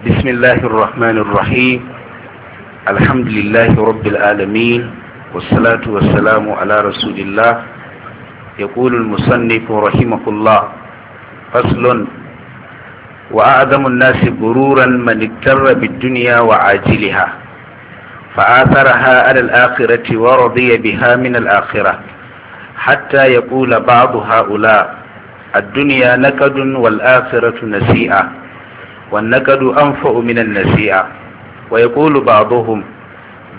بسم الله الرحمن الرحيم الحمد لله رب العالمين والصلاة والسلام على رسول الله يقول المصنف رحمه الله فصل وأعظم الناس غرورا من اضطر بالدنيا وعاجلها فآثرها على الآخرة ورضي بها من الآخرة حتى يقول بعض هؤلاء الدنيا نكد والآخرة نسيئة والنكد أنفع من النسيئة ويقول بعضهم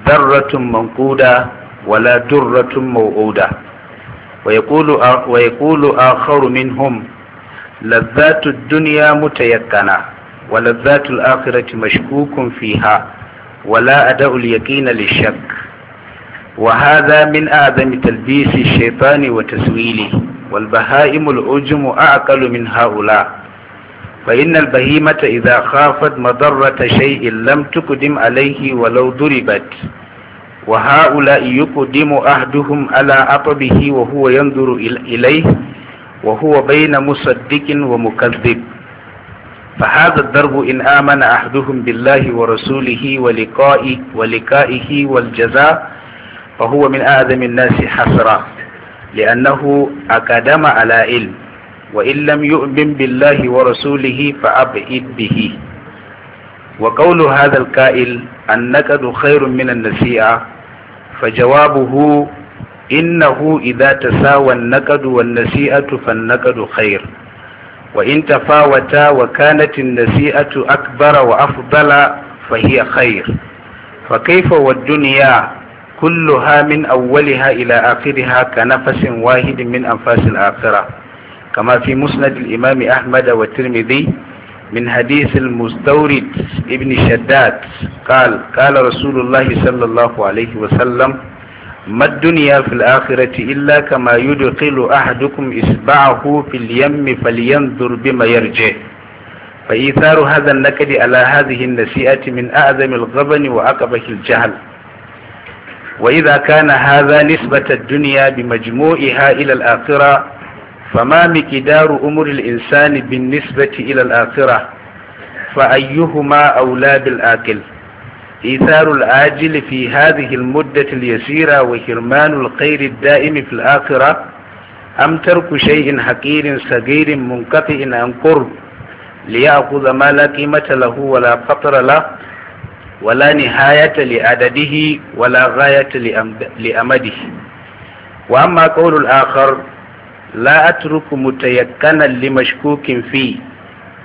ذرة منقودة ولا درة موعودة ويقول, ويقول آخر منهم لذات الدنيا متيقنة ولذات الآخرة مشكوك فيها ولا أداء اليقين للشك وهذا من أعظم تلبيس الشيطان وتسويله والبهائم العجم أعقل من هؤلاء فإن البهيمة إذا خافت مضرة شيء لم تقدم عليه ولو ضربت وهؤلاء يقدم أحدهم على أطبه وهو ينظر إليه وهو بين مصدق ومكذب فهذا الضرب إن آمن أحدهم بالله ورسوله ولقائه, ولقائه والجزاء فهو من أعظم الناس حسرا لأنه أقدم على علم وإن لم يؤمن بالله ورسوله فأبعد به وقول هذا القائل النكد خير من النسيئة فجوابه إنه إذا تساوى النكد والنسيئة فالنكد خير وإن تفاوتا وكانت النسيئة أكبر وأفضل فهي خير فكيف والدنيا كلها من أولها إلى آخرها كنفس واحد من أنفاس الآخرة كما في مسند الإمام أحمد والترمذي من حديث المستورد ابن شداد قال قال رسول الله صلى الله عليه وسلم ما الدنيا في الآخرة إلا كما يدخل أحدكم إصبعه في اليم فلينظر بما يرجع فإيثار هذا النكد على هذه النسيئة من أعظم الغبن وأقبح الجهل وإذا كان هذا نسبة الدنيا بمجموعها إلى الآخرة فما مقدار أمور الإنسان بالنسبة إلى الآخرة فأيهما أولى بالآكل إيثار الآجل في هذه المدة اليسيرة وحرمان الخير الدائم في الآخرة أم ترك شيء حقير صغير منقطع عن قرب ليأخذ ما لا قيمة له ولا قطر له ولا نهاية لعدده ولا غاية لأمده وأما قول الآخر لا أترك متيقنا لمشكوك فيه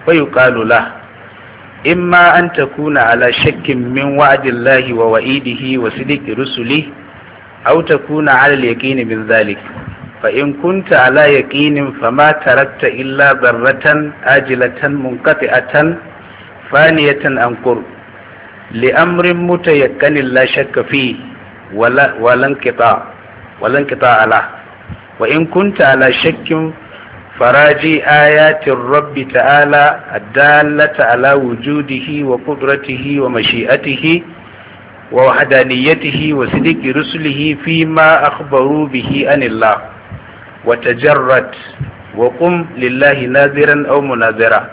ويقال له إما أن تكون على شك من وعد الله ووئيده وصدق رسله أو تكون على اليقين من ذلك فإن كنت على يقين فما تركت إلا برة آجلة منقطعة فانية أنقر لأمر متيقن لا شك فيه ولا انقطاع ولا انقطاع له وإن كنت على شك فراجي آيات الرب تعالى الدالة على وجوده وقدرته ومشيئته ووحدانيته وصدق رسله فيما أخبروا به عن الله وتجرد وقم لله ناذرا أو مناذرا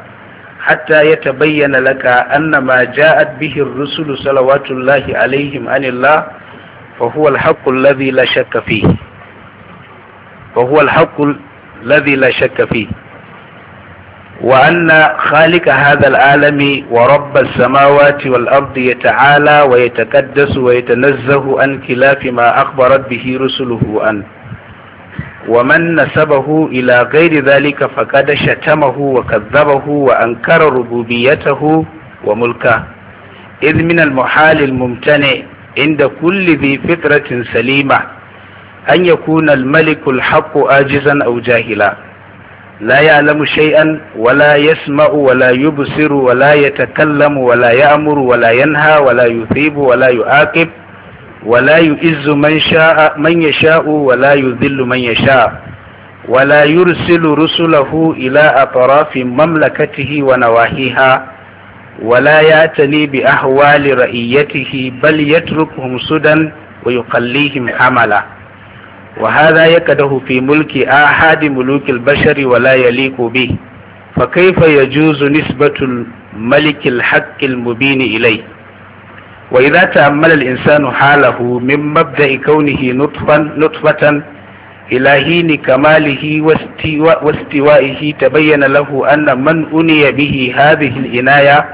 حتى يتبين لك أن ما جاءت به الرسل صلوات الله عليهم عن الله فهو الحق الذي لا شك فيه فهو الحق الذي لا شك فيه وأن خالق هذا العالم ورب السماوات والأرض يتعالى ويتقدس ويتنزه عن خلاف ما أخبرت به رسله عنه ومن نسبه إلى غير ذلك فقد شتمه وكذبه وأنكر ربوبيته وملكه إذ من المحال الممتنع عند كل ذي فطرة سليمة أن يكون الملك الحق آجزا أو جاهلا لا يعلم شيئا ولا يسمع ولا يبصر ولا يتكلم ولا يأمر ولا ينهى ولا يثيب ولا يعاقب ولا يؤز من شاء من يشاء ولا يذل من يشاء ولا يرسل رسله إلى أطراف مملكته ونواهيها ولا يعتني بأحوال رئيته بل يتركهم سدى ويقليهم حملا وهذا يكده في ملك أحد ملوك البشر ولا يليق به فكيف يجوز نسبة الملك الحق المبين إليه وإذا تأمل الإنسان حاله من مبدأ كونه نطفا نطفة إلى حين كماله واستواء واستوائه تبين له أن من أني به هذه العناية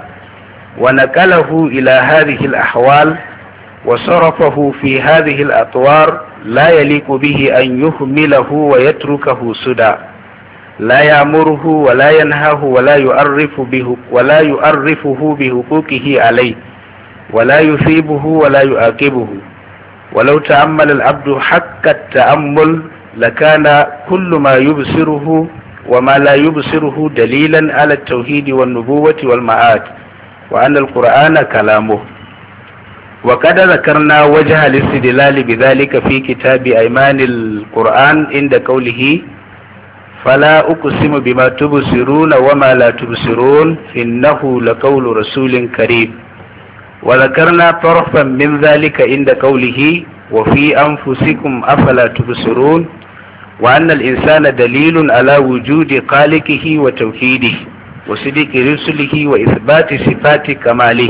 ونقله إلى هذه الأحوال وصرفه في هذه الأطوار لا يليق به أن يهمله ويتركه سدى لا يأمره ولا ينهاه ولا يعرف به ولا يؤرفه بحقوقه عليه ولا يثيبه ولا يعاقبه ولو تأمل العبد حق التأمل لكان كل ما يبصره وما لا يبصره دليلا على التوحيد والنبوة والمعاد وأن القرآن كلامه وقد ذكرنا وجه الاستدلال بذلك في كتاب أيمان القرآن عند قوله فلا أقسم بما تبصرون وما لا تبصرون إنه لقول رسول كريم وذكرنا طرفا من ذلك عند قوله وفي أنفسكم أفلا تبصرون وأن الإنسان دليل على وجود خالقه وتوحيده وصدق رسله وإثبات صفات كماله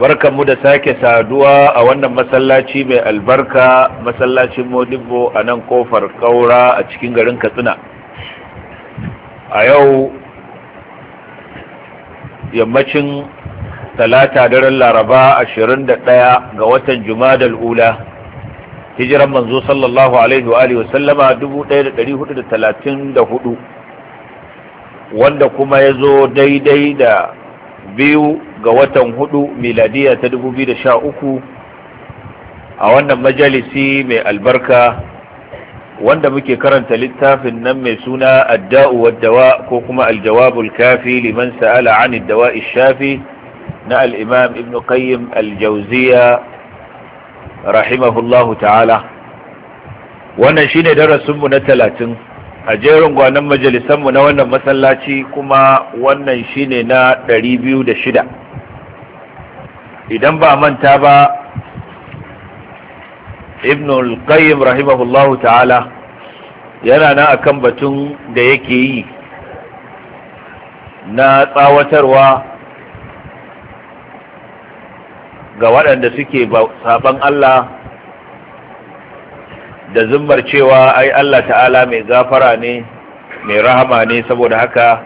mu da sake saduwa a wannan masallaci mai albarka masallacin modibbo a nan kofar kaura a cikin garin katsina a yau yammacin talata daren laraba ashirin da ɗaya ga watan jumadal ula hijiran manzo sallallahu alaihi wa talatin da hudu, wanda kuma ya zo daidai da biyu ga watan hudu miladiya ta dubu biyu da sha uku a wannan majalisi mai albarka wanda muke karanta littafin nan mai suna adda'u waddawa ko kuma aljawabul kafi liman sa'ala an dawa shafi na al'imam ibn qayyim aljauziya rahimahullahu ta'ala wannan shine darasinmu na talatin a jerin gwanon majalisanmu na wannan masallaci kuma wannan shine na ɗari biyu da shida. idan ba manta ba ibn al-qayyim rahimahullahu ta'ala yana nan akan batun da yake yi na tsawatarwa ga waɗanda suke saban Allah da zummar cewa ai Allah ta'ala mai gafara ne mai rahama ne saboda haka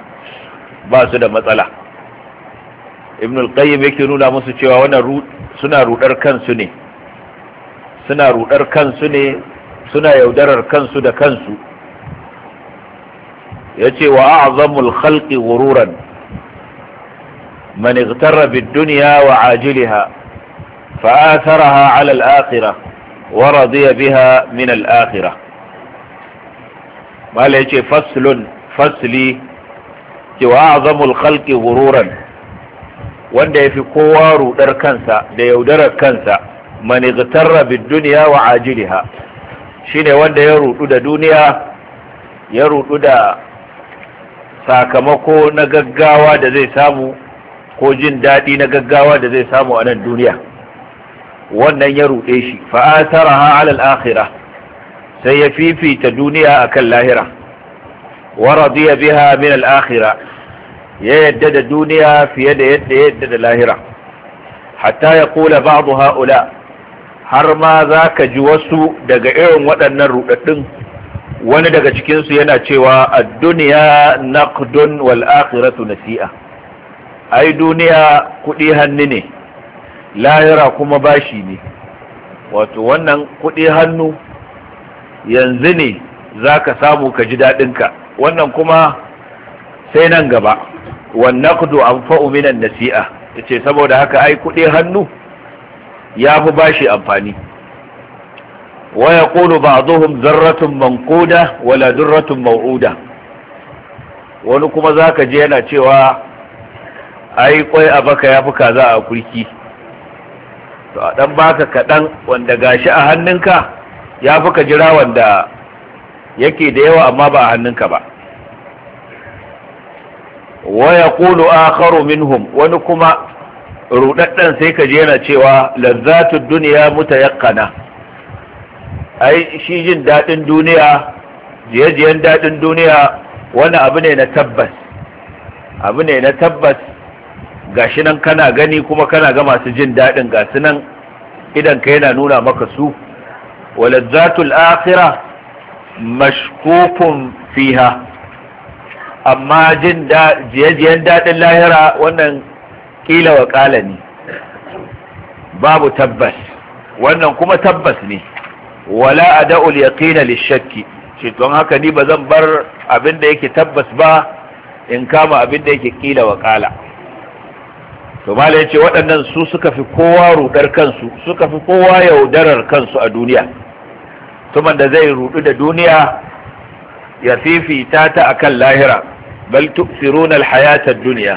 ba su da matsala ibn al-qayyim yake nuna musu cewa wannan suna rudar kansu ne suna rudar kansu ne suna yaudarar kansu da kansu yace wa a'zamul khalqi ghururan man igtarra bid-dunya wa 'ajiliha fa atharaha 'ala al-akhirah Warazu ya biha min al-akhirah mala yace faslun fasli ce wa azamul khalqi ghururan wanda yafi kowa rudar kansa da yaudarar kansa mani igtarra bid dunya wa ajiliha shine wanda ya rudu da duniya ya rudu da sakamako na gaggawa da zai samu ko jin daɗi na gaggawa da zai samu a nan duniya wannan ya ruɗe shi fa'ataraha alal akhira. sai ya fifita duniya akan lahira wa radiya biha min al ya yadda da duniya fiye da yadda yadda da lahira hatta ya kula ba'du ha'ula har ma zaka ji wasu daga irin waɗannan ruɗaɗɗun wani daga cikinsu yana cewa a duniya naqdun wal akhiratu nasi'a ai duniya kuɗi hannu ne layira kuma bashi ne wato wannan kuɗi hannu yanzu ne za ka samu ka ji daɗinka wannan kuma sai nan gaba wannan kudu an minan nasi'a ya ce saboda haka ai kuɗi hannu ya fi bashi amfani waya ƙulu ba a zuhun zarratun mankoda wala zarratun mau'uda wani kuma za ka je yana cewa ai kwai a baka ya fi kaza a kurki to a dan baka kaɗan wanda gashi a hannunka ya fi ka jira wanda yake da yawa amma ba a hannunka ba waya kulu akharu minhum wani kuma rudaddan sai ka je yana cewa lazzatu duniya mutayaqqana ai shi jin dadin duniya jiyajiyan dadin duniya wani abu ne na tabbas abu ne na tabbas gashi nan kana gani kuma kana ga masu jin daɗin gasu nan idan ka yana nuna maka su waladzatul akhirah mashkukun fiha amma jin jiyajiyan daɗin lahira wannan kila wa kala ne babu tabbas wannan kuma tabbas ne wala ada'ul yaqina lishakki shi don haka ni ba zan bar abin da yake tabbas ba in kama abin da yake kila wa kala to mala ya ce waɗannan su suka fi kowa rudar kansu suka fi kowa yaudarar kansu a duniya tuman da zai rudu da duniya ya fifita ta akan lahira bal tuksiruna alhayata duniya dunya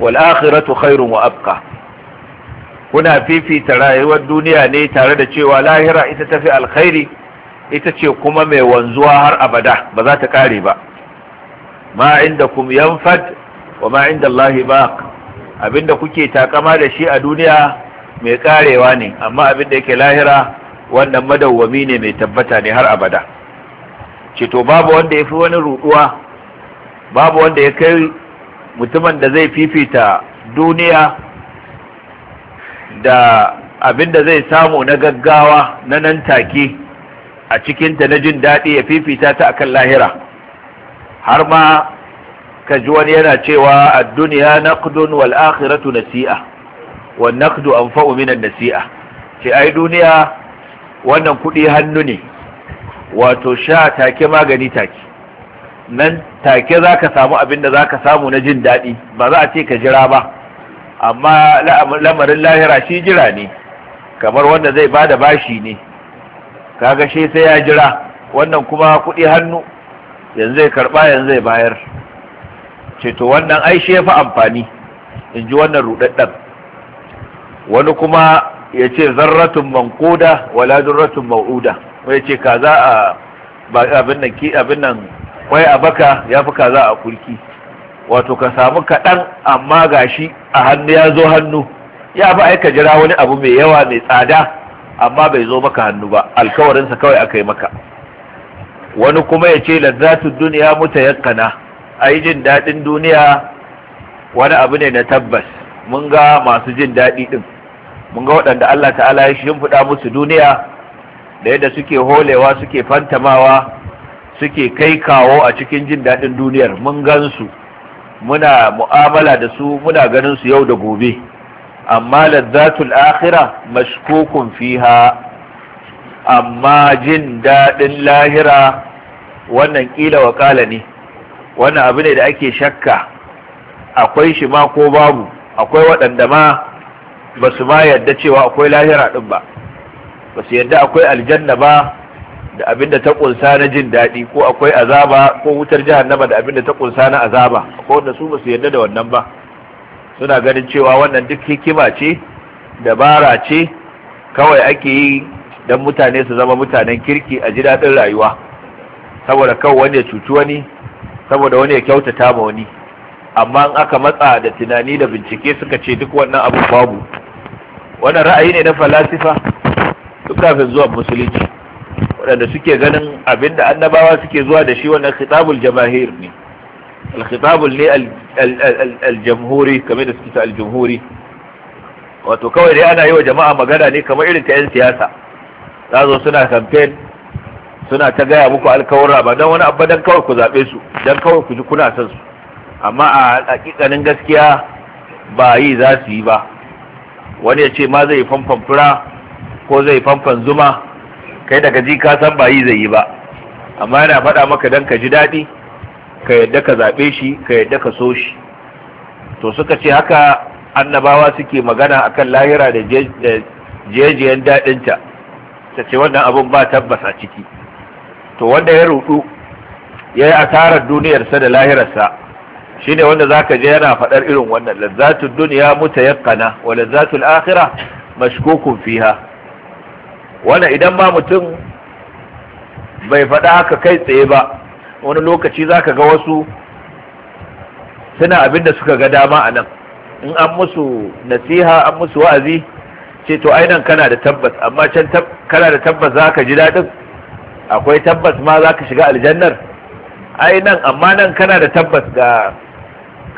wal akhiratu khairun wa abqa kuna fifita rayuwar duniya ne tare da cewa lahira ita tafi alkhairi ita ce kuma mai wanzuwa har abada ba za ta kare ba ma inda kum yanfad wa ma inda Allah baq Abin da kuke takama da shi a duniya mai karewa ne amma abinda yake lahira wannan madawwami ne mai tabbata ne har abada ceto babu wanda ya fi wani ruduwa babu wanda ya kai mutumin da zai fifita duniya da abin da zai samu na gaggawa na nan take a cikinta na jin daɗi ya fifita ta akan lahira har ma ka wani yana cewa a duniya naqdun wal akhiratu nasi'a wan naqdu anfa'u minan nasi'a ce ai duniya wannan kudi hannu ne wato sha take magani take nan take zaka samu abin da zaka samu na jin dadi ba za a ce ka jira ba amma lamarin lahira shi jira ne kamar wanda zai bada bashi ne kaga shi sai ya jira wannan kuma kudi hannu yanzu zai karba yanzu zai bayar ceto wannan ai shi yafi amfani in ji wannan rudaddan wani kuma ya ce zarratun mankoda wala durratun mauda. wai ce kaza a abin nan ki abin nan kwai a baka Ya ka kaza a kulki wato ka samu kaɗan amma gashi a hannu ya zo hannu ya fi aika jira wani abu mai yawa mai tsada amma bai zo maka hannu ba alkawarinsa kawai aka yi maka wani kuma ya ce lazzatun duniya muta ai jin daɗin duniya wani abu ne na tabbas mun ga masu jin daɗi ɗin mun ga waɗanda Allah ta'ala ya shimfiɗa musu duniya da yadda suke holewa suke fantamawa suke kai kawo a cikin jin daɗin duniyar mun su muna mu'amala da su muna ganin su yau da gobe amma lazzatul akhira mashkukun fiha amma jin daɗin lahira wannan kila wa ne wannan abu ne da ake shakka akwai shi ma ko babu akwai waɗanda ma ba su ma yadda cewa akwai lahira ɗin ba ba su yadda akwai aljanna ba da abinda ta ƙunsa na jin daɗi ko akwai azaba ko wutar nama da abinda ta ƙunsa na azaba ko wanda su ba su yadda da wannan ba suna ganin cewa wannan duk hikima ce dabara ce kawai ake yi don mutane su zama mutanen kirki a ji daɗin rayuwa saboda kawai wani ya cuci wani saboda wani ya kyautata ma wani amma in aka matsa da tunani da bincike suka ce duk wannan abu babu wannan ra'ayi ne na falasifa duk kafin zuwa musulunci waɗanda suke ganin abin da annabawa suke zuwa da shi wannan khitabul jamahir ne al-khitabul ne al-jamhuri kamar da suke ta al-jamhuri wato kawai dai ana yi wa jama'a magana ne kamar irin ta 'yan siyasa za zo suna campaign suna ta gaya muku alkawarra ba don wani abu don kawai ku zaɓe su don kawai ku ji kuna son su amma a hakikanin gaskiya ba yi za su yi ba wani ya ce ma zai fanfan fura ko zai fanfan zuma kai daga ji ka san ba yi zai yi ba amma yana faɗa maka don ka ji daɗi ka yadda ka zaɓe shi ka yadda ka so shi to suka ce haka annabawa suke magana akan lahira da jejiyan daɗinta ta ce wannan abun ba tabbas a ciki to wanda ya rudu ya yi asarar duniyarsa da lahirarsa shi ne wanda zaka je yana faɗar irin wannan lazzatul duniya mutayaqqana wa lazzatul akhirah mashkukun fiha wannan idan ba mutum bai faɗa haka kai tsaye ba wani lokaci zaka ga wasu suna abin da suka ga dama a nan in an musu nasiha an musu wa'azi ce to ai kana da tabbas amma can kana da tabbas zaka ji daɗin akwai tabbas ma za ka shiga aljannar ai nan amma nan kana da tabbas ga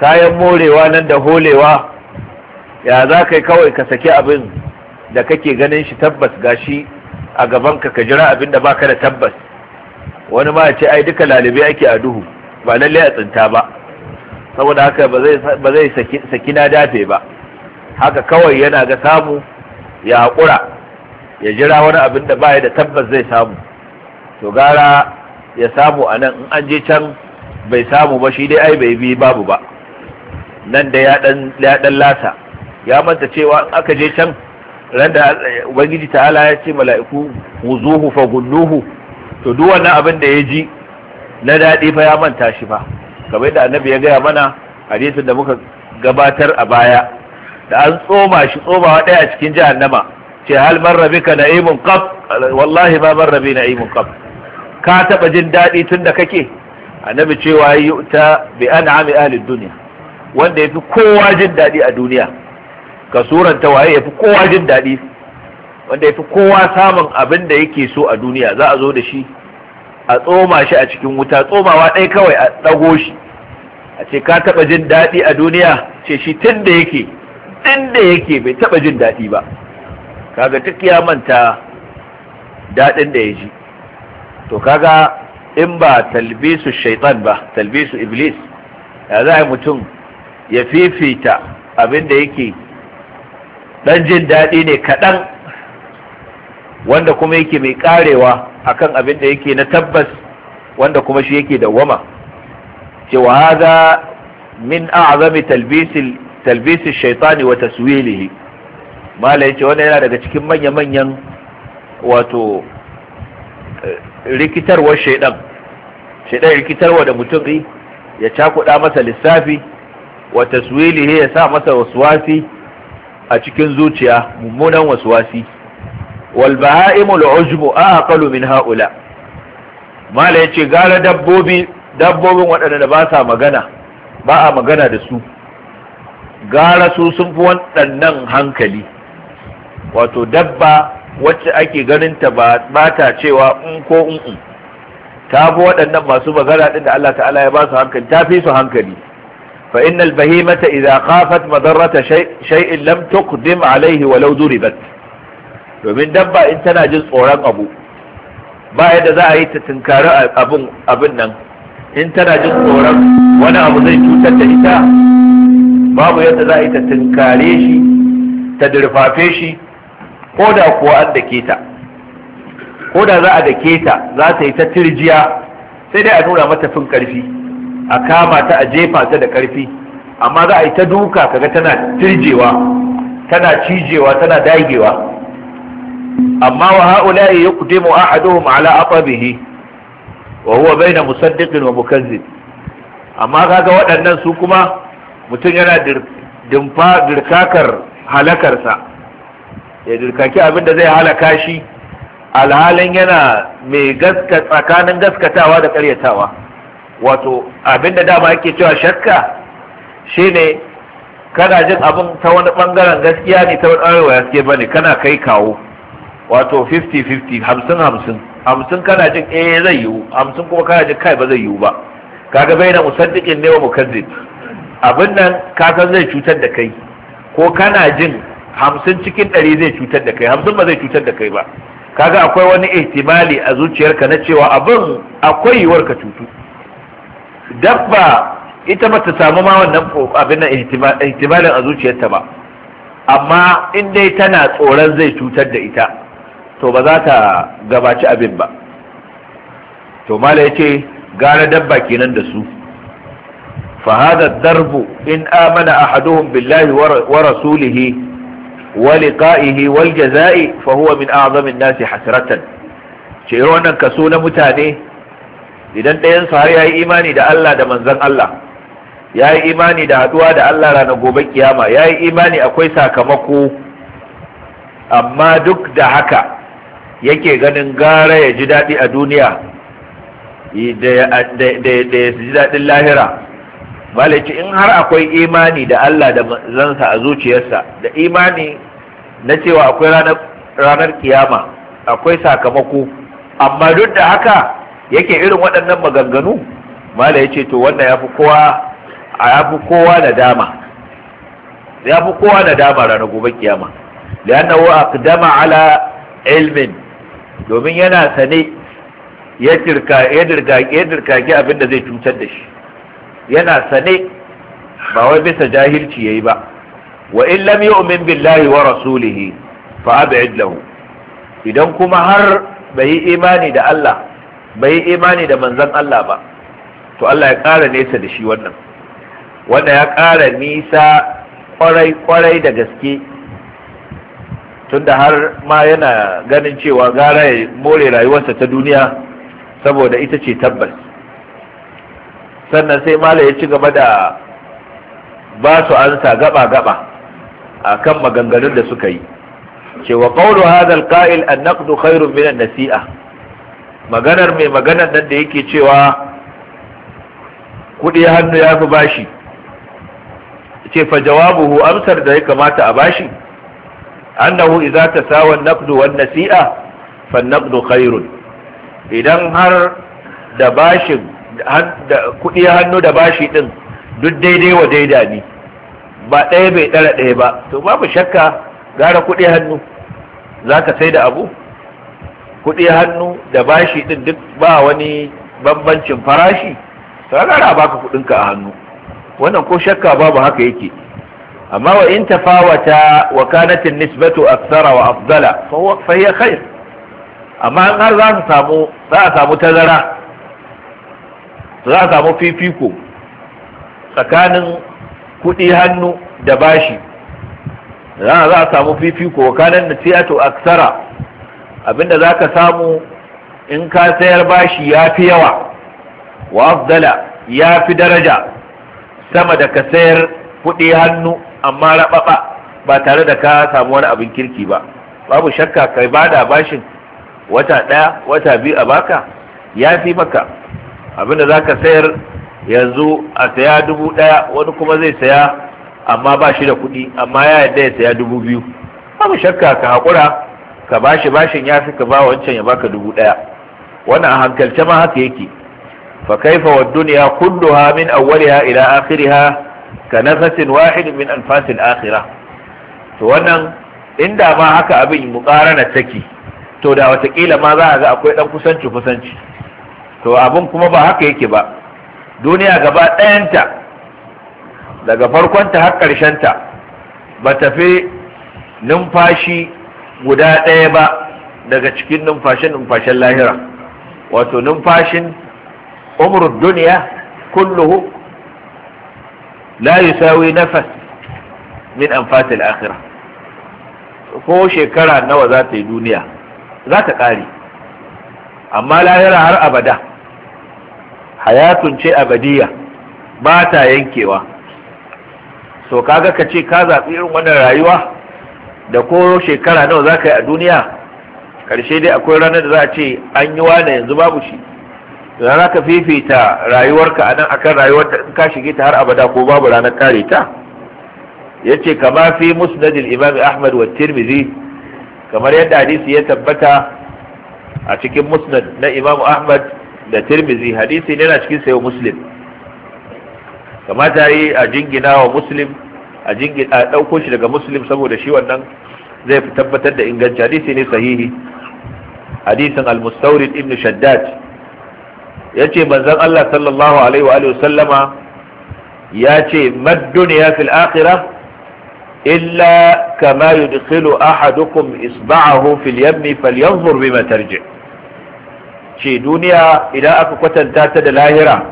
kayan morewa nan da holewa ya za ka yi kawai ka saki abin da kake ganin shi tabbas ga shi a gaban ka jira abin da baka da tabbas wani ma ce ai duka lalibai ake a duhu ba lalle a tsinta ba saboda haka ba zai saki na dafe ba haka kawai yana ga samu ya haƙura ya jira wani abin da baya da tabbas zai samu to gara ya samu a nan in an je can bai samu ba shi dai ai bai bi babu ba nan da ya dan lasa ya manta cewa in aka je can ran da ubangiji ta'ala ya ce mala'iku wuzuhu fa gunnuhu to duk wannan abin da ya ji na daɗi fa ya manta shi ba. kamar yadda annabi ya gaya mana hadisin da muka gabatar a baya da an tsoma shi tsomawa ɗaya a cikin jahannama ce hal marra bika na'imun qab wallahi ma marra na'imun qab ka taba jin daɗi tun da kake annabi cewa yi ta bi an ami ahalin duniya wanda ya fi kowa jin daɗi a duniya ka ta waye ya fi kowa jin daɗi wanda ya fi kowa samun abin da yake so a duniya za a zo da shi a tsoma shi a cikin wuta tsomawa ɗaya kawai a ɗago shi a ce ka taɓa jin daɗi a duniya ce shi tun da yake tun da yake bai taba jin daɗi ba kaga duk ya manta daɗin da ya ji to kaga in ba talbisu shaitan ba talbisu iblis ya za a mutum ya fifita abin da yake dan jin daɗi ne kaɗan wanda kuma yake mai ƙarewa akan abin da yake na tabbas wanda kuma shi yake dawwama cewa haza min a'zami talbisil talbisi shaitani wa taswilihi mala yace wannan yana daga cikin manya-manyan wato eh, rikitarwar shaidan shaidan rikitarwa da mutum ya cakuɗa masa lissafi wa taswilihi ya sa masa waswasi a cikin zuciya mummunan waswasi wal baha'imul ujbu aqalu min haula mala yace gara dabbobi dabbobin waɗanda da ba sa magana ba a magana da su gara su sun fi waɗannan hankali wato dabba wacce ake ganin ta ba ta cewa in ko in ta fi waɗannan masu magana ɗin da Allah ta'ala ya ba su hankali ta fi su hankali fa innal bahimata idza khafat madarrata shay'in lam tuqdim alayhi walau duribat domin dabba in tana jin tsoron abu ba yadda za a yi ta tunkari abin abin nan in tana jin tsoron wani abu zai cutar da ita babu yadda za a yi ta tunkare shi ta durfafe shi ko da kuwa an dake ta ko da za a dake ta za ta yi ta tirjiya sai dai a nuna mata fin karfi a kama ta a jefa ta da karfi amma za a yi ta duka kaga tana tirjewa tana cijewa tana dagewa amma wa ha'ula'i mu ahaduhum ala aqabihi wa huwa baina musaddiqin wa mukazzib amma kaga waɗannan su kuma mutum yana dirka dirkakar halakarsa ya dirkaki abin da zai halaka shi alhalin yana mai gaska tsakanin gaskatawa da karyatawa wato abin da dama yake cewa shakka shine kana jin abin ta wani bangaren gaskiya ne ta wani arewa gaske ba ne kana kai kawo wato 50-50 hamsin-hamsin hamsin kana jin eh zai yiwu hamsin kuma kana jin kai ba zai yiwu ba kaga bai na musaddikin ne wa mukazzib abin nan kasan zai cutar da kai ko kana jin hamsin cikin ɗari zai cutar da kai hamsin ba zai cutar da kai ba kaga akwai wani ihtimali a zuciyarka na cewa abin akwai yiwuwar ka cutu dabba ita ba ta samu ma wannan abin nan ihtimalin a zuciyarta ba amma in dai tana tsoron zai cutar da ita to ba za ta gabaci abin ba to mala ya ce gara dabba kenan da su in in amana ahaduhum billahi wa rasulihi ولقائه والجزاء فهو من أعظم الناس حسرة شيرون كسول متاني idan ɗayansu har ya yi imani da Allah da manzan Allah ya yi imani da haɗuwa da Allah ranar gobe kiyama ya yi imani akwai sakamako amma duk da haka yake ganin gara ya ji daɗi a duniya da ya ji daɗin lahira malaci in har akwai imani da Allah da manzansa a zuciyarsa da imani na cewa akwai ranar kiyama akwai sakamako amma duk da haka yake irin waɗannan maganganu mala ya ce to wannan ya fi kowa a ya fi kowa da dama ya fi kowa da dama ranar gobe kiyama yana wa aqdama ala ilmin domin yana sane ya dirka ya abin da zai cutar da shi yana sane ba wai bisa jahilci yayi ba wa in lam yu'min billahi wa rasulihi fa ab'id lahu idan kuma har bai yi imani da Allah bai yi imani da manzon Allah ba to Allah ya kara nesa da shi wannan wanda ya ƙara nisa kwarai kwarai da gaske tunda har ma yana ganin cewa gara ya more rayuwarsa ta duniya saboda ita ce tabbas sannan sai mala ya ci gaba da ba su ansa gaba-gaba a kan maganganun da suka yi cewa ƙaunu hadal ka'il an naƙdu khairun minan nasi'a maganar mai maganar nan da yake cewa kuɗi hannu ya fi bashi ce fa jawabuhu amsar da ya kamata a bashi annahu idza tasawa an-naqdu wan-nasi'a fa naqdu khairun idan har da bashin kuɗi hannu da bashi ɗin duk daidai wa daida ne ba ɗaya bai ɗara ɗaya ba to babu shakka gara kuɗi hannu za ka sai da abu kuɗi hannu da bashi ɗin duk ba wani bambancin farashi to gara baka kuɗinka a hannu wannan ko shakka babu haka yake amma wa in tafawata wa kanatin nisbatu akthara wa afdala fa huwa fa hiya amma an har za su samu za a samu tazara za a samu fifiko tsakanin kuɗi hannu da bashi za a samu fifiko kanan da tiyatu aksara abinda za ka samu in ka sayar bashi ya fi yawa wa afdala ya fi daraja sama da ka sayar kuɗi hannu amma raɓaɓa ba tare da ka samu wani abin kirki ba babu shakka kai bada bashin wata ɗaya wata biyu a baka ya fi maka abinda za ka sayar yanzu a saya dubu ɗaya wani kuma zai saya amma ba shi da kuɗi amma ya yadda ya saya dubu biyu babu shakka ka hakura ka bashi bashin ya fi ka ba wancan ya baka dubu ɗaya wannan a hankalce ma haka yake fa kaifa wa dunya kulluha min awwaliha ila akhiriha ka nafasin wahid min anfasil akhirah to wannan inda ma haka abin mukarana take to da watakila ma za a ga akwai dan kusanci kusanci to abin kuma ba haka yake ba duniya gaba ɗayanta daga farkonta har ƙarshenta ba tafi numfashi guda ɗaya ba daga cikin numfashin numfashin lahira wato numfashin umru duniya kulluhu la yusawi nafas min anfatil akhirah ko shekara nawa za ta yi duniya za ta ƙare amma lahira har abada hayatun ce abadiya ba ta yankewa so kaga ka ce ka zaɓi irin wannan rayuwa da ko shekara nawa za ka yi a duniya ƙarshe dai akwai ranar da za a ce an yi wane yanzu babu shi za za ka fifita rayuwarka a nan akan rayuwar ta in ka shige ta har abada ko babu ranar kare ta ya ce kama fi musnadin Imami ahmad wa tirmizi kamar yadda hadisi ya tabbata a cikin musnad na imam ahmad da tirmizi hadisi yana cikin sayo muslim kamata yi a jingina wa muslim a ɗauko shi daga muslim saboda shi wannan zai fi tabbatar da inganci hadisi ne sahihi hadisin al-mustawrid ibn shaddad ya ce manzan Allah sallallahu alaihi wa sallama ya ce madduniya fil akhira illa kama yudkhilu ahadukum isba'ahu fil yammi falyanzur bima tarji' ce duniya idan aka kwatanta ta da lahira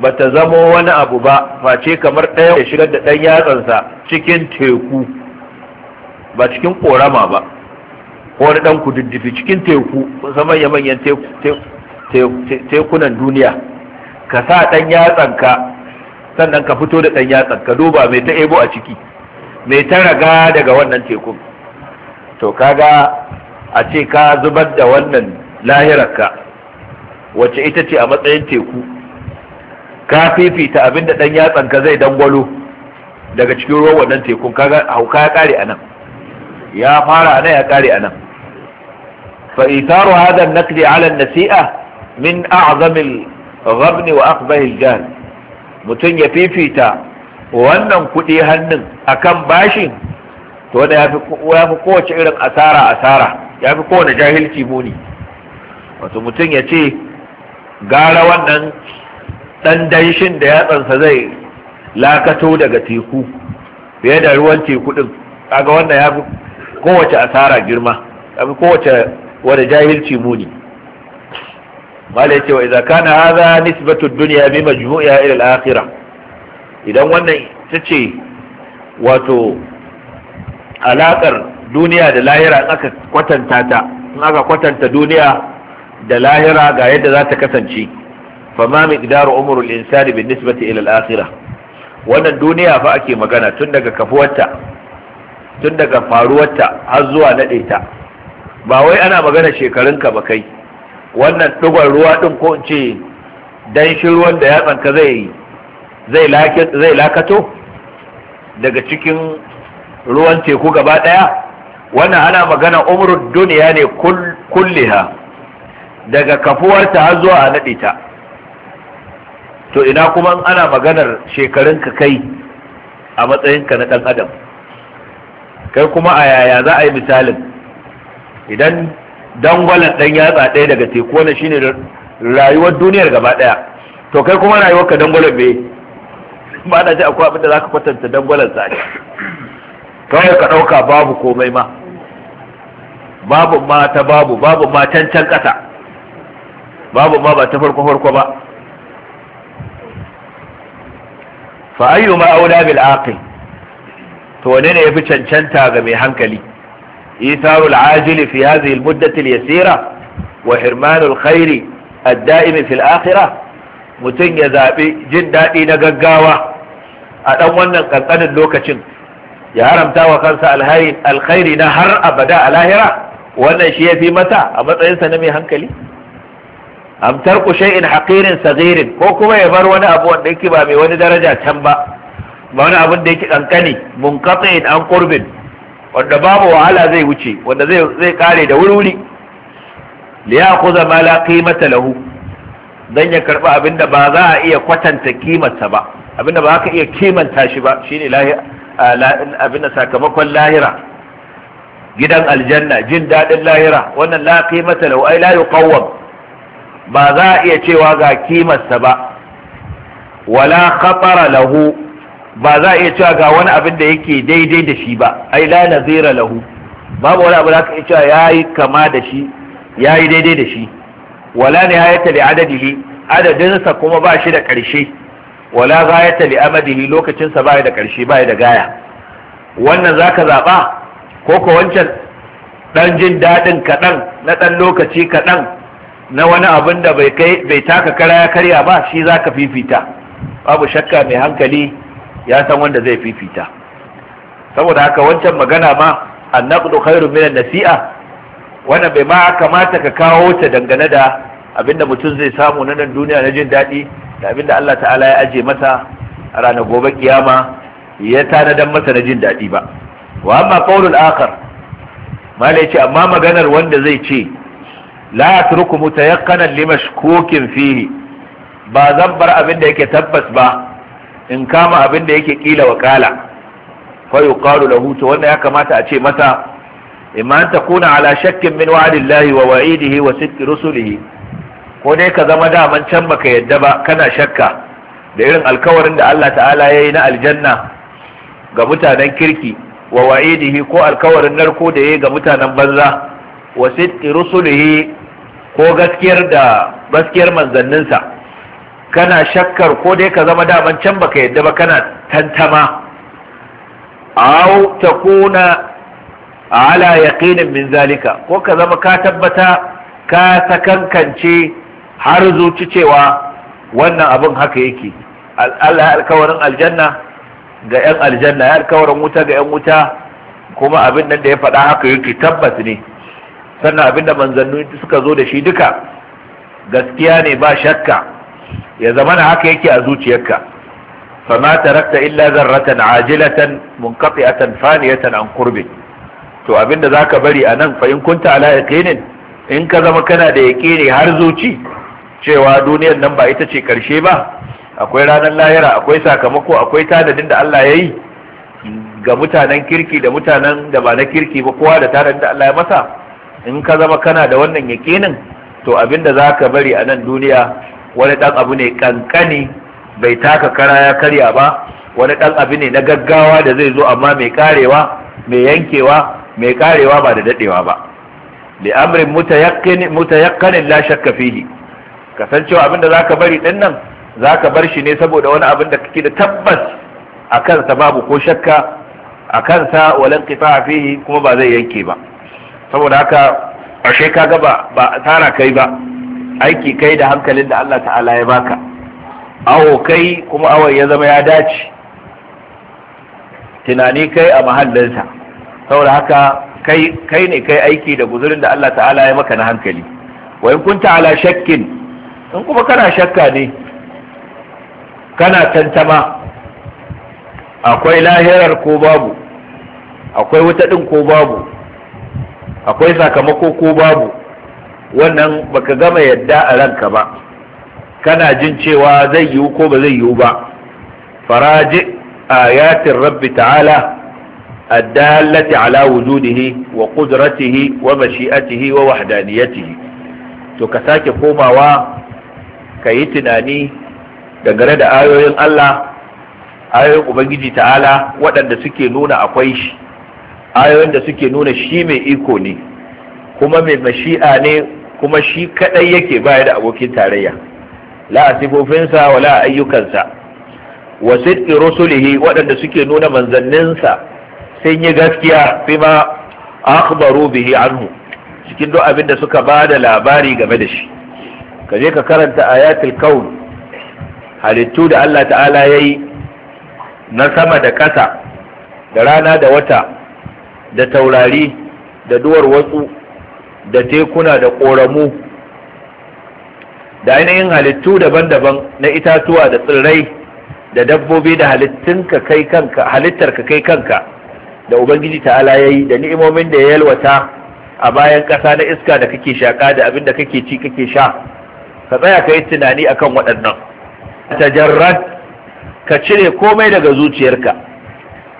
ba ta zamo wani abu ba face kamar ɗaya ya shigar da ɗan yatsansa cikin teku ba cikin ƙorama ba ko wani ɗan kududdufi cikin teku kusa manya-manyan tekunan duniya ka sa ɗan yatsanka sannan ka fito da ɗan yatsan ka duba mai ta ebo a ciki mai ta raga daga wannan tekun to kaga a ce ka zubar da wannan lahirarka wacce ita ce a matsayin teku ka fifita abin da ɗan yatsanka zai dangwalo daga cikin ruwan wannan tekun kaga hauka ya kare anan ya fara anan ya kare anan fa itaru hadha an-nakli ala an-nasi'a min a'zami al-ghabn wa aqbahi al-jahl mutun ya fifita wannan kudi hannun akan bashin to wanda yafi yafi kowace irin asara asara yafi kowane jahilci muni wato mutun ya ce gara wannan ɗan danshin da yatsansa zai lakato daga teku fiye da ruwan teku ɗin kaga wannan ya fi kowace asara girma ya kowace wani jahilci muni malai cewa idan kana haza nisbatu duniya bi majmu'iha ila al akhira idan wannan ta ce wato alakar duniya da lahira aka kwatanta ta in aka kwatanta duniya da lahira ga yadda za ta kasance fama miqdaru umrul insani bin nisbati ila al-akhirah wannan duniya fa ake magana tun daga kafuwarta tun daga faruwarta har zuwa naɗe ta ba wai ana magana shekarunka ba kai wannan dugon ruwa din ko in ce danshin ruwan da yatsanka zai zai lakato daga cikin ruwan teku gaba ɗaya, wannan ana magana umru duniya ne kulliha daga kafuwarta har zuwa a naɗe ta to ina kuma ana maganar shekarunka kai a matsayinka na ɗan adam kai kuma a yaya za a yi misalin idan dangwalan ɗan yatsa ɗaya daga teku wani shine rayuwar duniyar gaba ɗaya to kai kuma rayuwar ka dangwalan me ba na ji akwai abin da za ka kwatanta dangwalan sa ne kawai ka ɗauka babu komai ma babu ma ta babu babu ma can can ƙasa babu ma ba ta farko farko ba fa ayyu ma aula bil aqil to wane ne yafi cancanta ga mai hankali isaru al ajil fi hadhihi al muddati al yasira wa hirmanu al khair al da'im fi al akhirah mutun ya zabi jin dadi na gaggawa a dan wannan kankanin lokacin ya haramta wa kansa alkhairi na har abada a lahira wannan shi ya fi mata a matsayinsa na mai hankali amtar ku shay'in haqirin saghirin ko kuma ya bar wani abu wanda yake ba mai wani daraja can ba ba wani abin da yake kankani munqati'in an qurbin wanda babu wahala zai wuce wanda zai zai kare da wuri-wuri li ya'khudha ma la qimata lahu dan ya karba abinda ba za a iya kwatanta kimarsa ba abinda ba ka iya kimanta shi ba shine lahi abinda sakamakon lahira gidan aljanna jin dadin lahira wannan la qimata lahu ay la yuqawwam ba za a iya cewa ga kimarsa ba wala khatara lahu ba za a iya cewa ga wani abin da yake daidai da shi ba ai la nazira lahu babu wani abu da aka iya cewa yayi kama da shi yayi daidai da shi wala nihayata li adadihi adadinsa kuma ba shi da karshe wala ghayata li amadihi lokacinsa ba da ƙarshe ba da gaya wannan zaka zaba ko ko wancan dan jin dadin kaɗan na dan lokaci kaɗan na wani abin da bai taka kara ya karya ba shi za ka fifita babu shakka mai hankali ya san wanda zai fifita saboda haka wancan magana ma annaqdu khairu minan nasi'a wannan bai ma kamata ka kawo ta dangane da abinda mutum zai samu na nan duniya na jin daɗi da abinda Allah ta'ala ya aje masa a ranar gobe kiyama ya tanadan masa na jin daɗi ba wa amma qaulul akhar malai yace amma maganar wanda zai ce la yatruku mutayakkanan limashkukin fihi ba zan bar abin da yake tabbas ba in kama abin da yake kila wa kala fa yuqalu lahu to wannan ya kamata a ce masa imma an takuna ala shakkin min wa'dillahi wa wa'idihi wa sidqi rusulihi ko dai ka zama daman can baka yadda ba kana shakka da irin alkawarin da Allah ta'ala ya yi na aljanna ga mutanen kirki wa wa'idihi ko alkawarin narko da ya ga mutanen banza wa sidqi rusulihi ko gaskiyar da gaskiyar manzanninsa kana shakkar ko dai ka zama daman can baka yadda ba kana tantama aw takuna ala yaqinin min zalika ko ka zama ka tabbata ka sakankance har zuci cewa wannan abin haka yake Allah alkawarin aljanna ga 'yan aljanna ya alkawarin wuta ga 'yan wuta kuma abin nan da ya faɗa haka yake tabbas ne sannan abinda manzanni suka zo da shi duka gaskiya ne ba shakka ya zama na haka yake a zuciyarka fama tarakta illa zarratan ajilatan munqati'atan faniyatan an qurbi to abinda zaka bari anan fa in kunta ala yaqinin in ka zama kana da yaqini har zuci cewa duniyar nan ba ita ce karshe ba akwai ranar lahira akwai sakamako akwai tanadin da Allah ya yi ga mutanen kirki da mutanen da ba na kirki ba kowa da tanadin da Allah ya masa in ka zama kana da wannan yakinin to abin da za ka bari a nan duniya wani ɗan abu ne kankani bai taka kara ya karya ba wani ɗan abu ne na gaggawa da zai zo amma mai karewa mai yankewa mai karewa ba da daɗewa ba li amrin mutayakkanin la shakka fihi kasancewa abin da zaka bari din nan za bar shi ne saboda wani abin da kake da tabbas a kansa babu ko shakka a kansa walan qita fihi kuma ba zai yanke ba saboda haka ashe ka ga ba tara kai ba aiki kai da hankalin da Allah ta'ala ya baka awo kai kuma awon ya zama ya dace tunani kai a mahallinsa saboda haka kai kai ne kai aiki da guzurin da Allah ta'ala ya maka na hankali wa in kunta ala shakkin in kuma kana shakka ne kana tantama akwai lahirar ko babu akwai wuta din ko babu akwai sakamako ko babu wannan baka gama yadda a ranka ba kana jin cewa zai yiwu ko ba zai yiwu ba faraji ayatin rabbi ta'ala ala wujudihi, wa qudratihi wa mashi'atihi wa wahdaniyatihi to ka sake komawa ka yi tunani gare da ayoyin Allah ayoyin Ubangiji ta'ala waɗanda suke nuna akwai shi ayoyin da suke nuna shi mai iko ne kuma mai mashi'a ne kuma shi kadai yake baya da abokin tarayya la sifofinsa wa la ayyukansa wa sidqi rusulihi waɗanda suke nuna manzanninsa sun yi gaskiya fi ma akhbaru bihi anhu cikin duk abin da suka ba da labari game da shi ka je ka karanta ayatul kaun halittu da Allah ta'ala yayi na sama da ƙasa da rana da wata da taurari da duwar watsu da tekuna da ƙoramu da ainihin halittu daban-daban na itatuwa da tsirrai da dabbobi da halittunka kai kanka halittarka kai kanka da ubangiji ta'ala yayi da ni'imomin da ya yalwata a bayan ƙasa na iska da kake shaƙa da abin da kake ci kake sha ka tsaya ka yi tunani akan waɗannan jarrar ka cire komai daga zuciyarka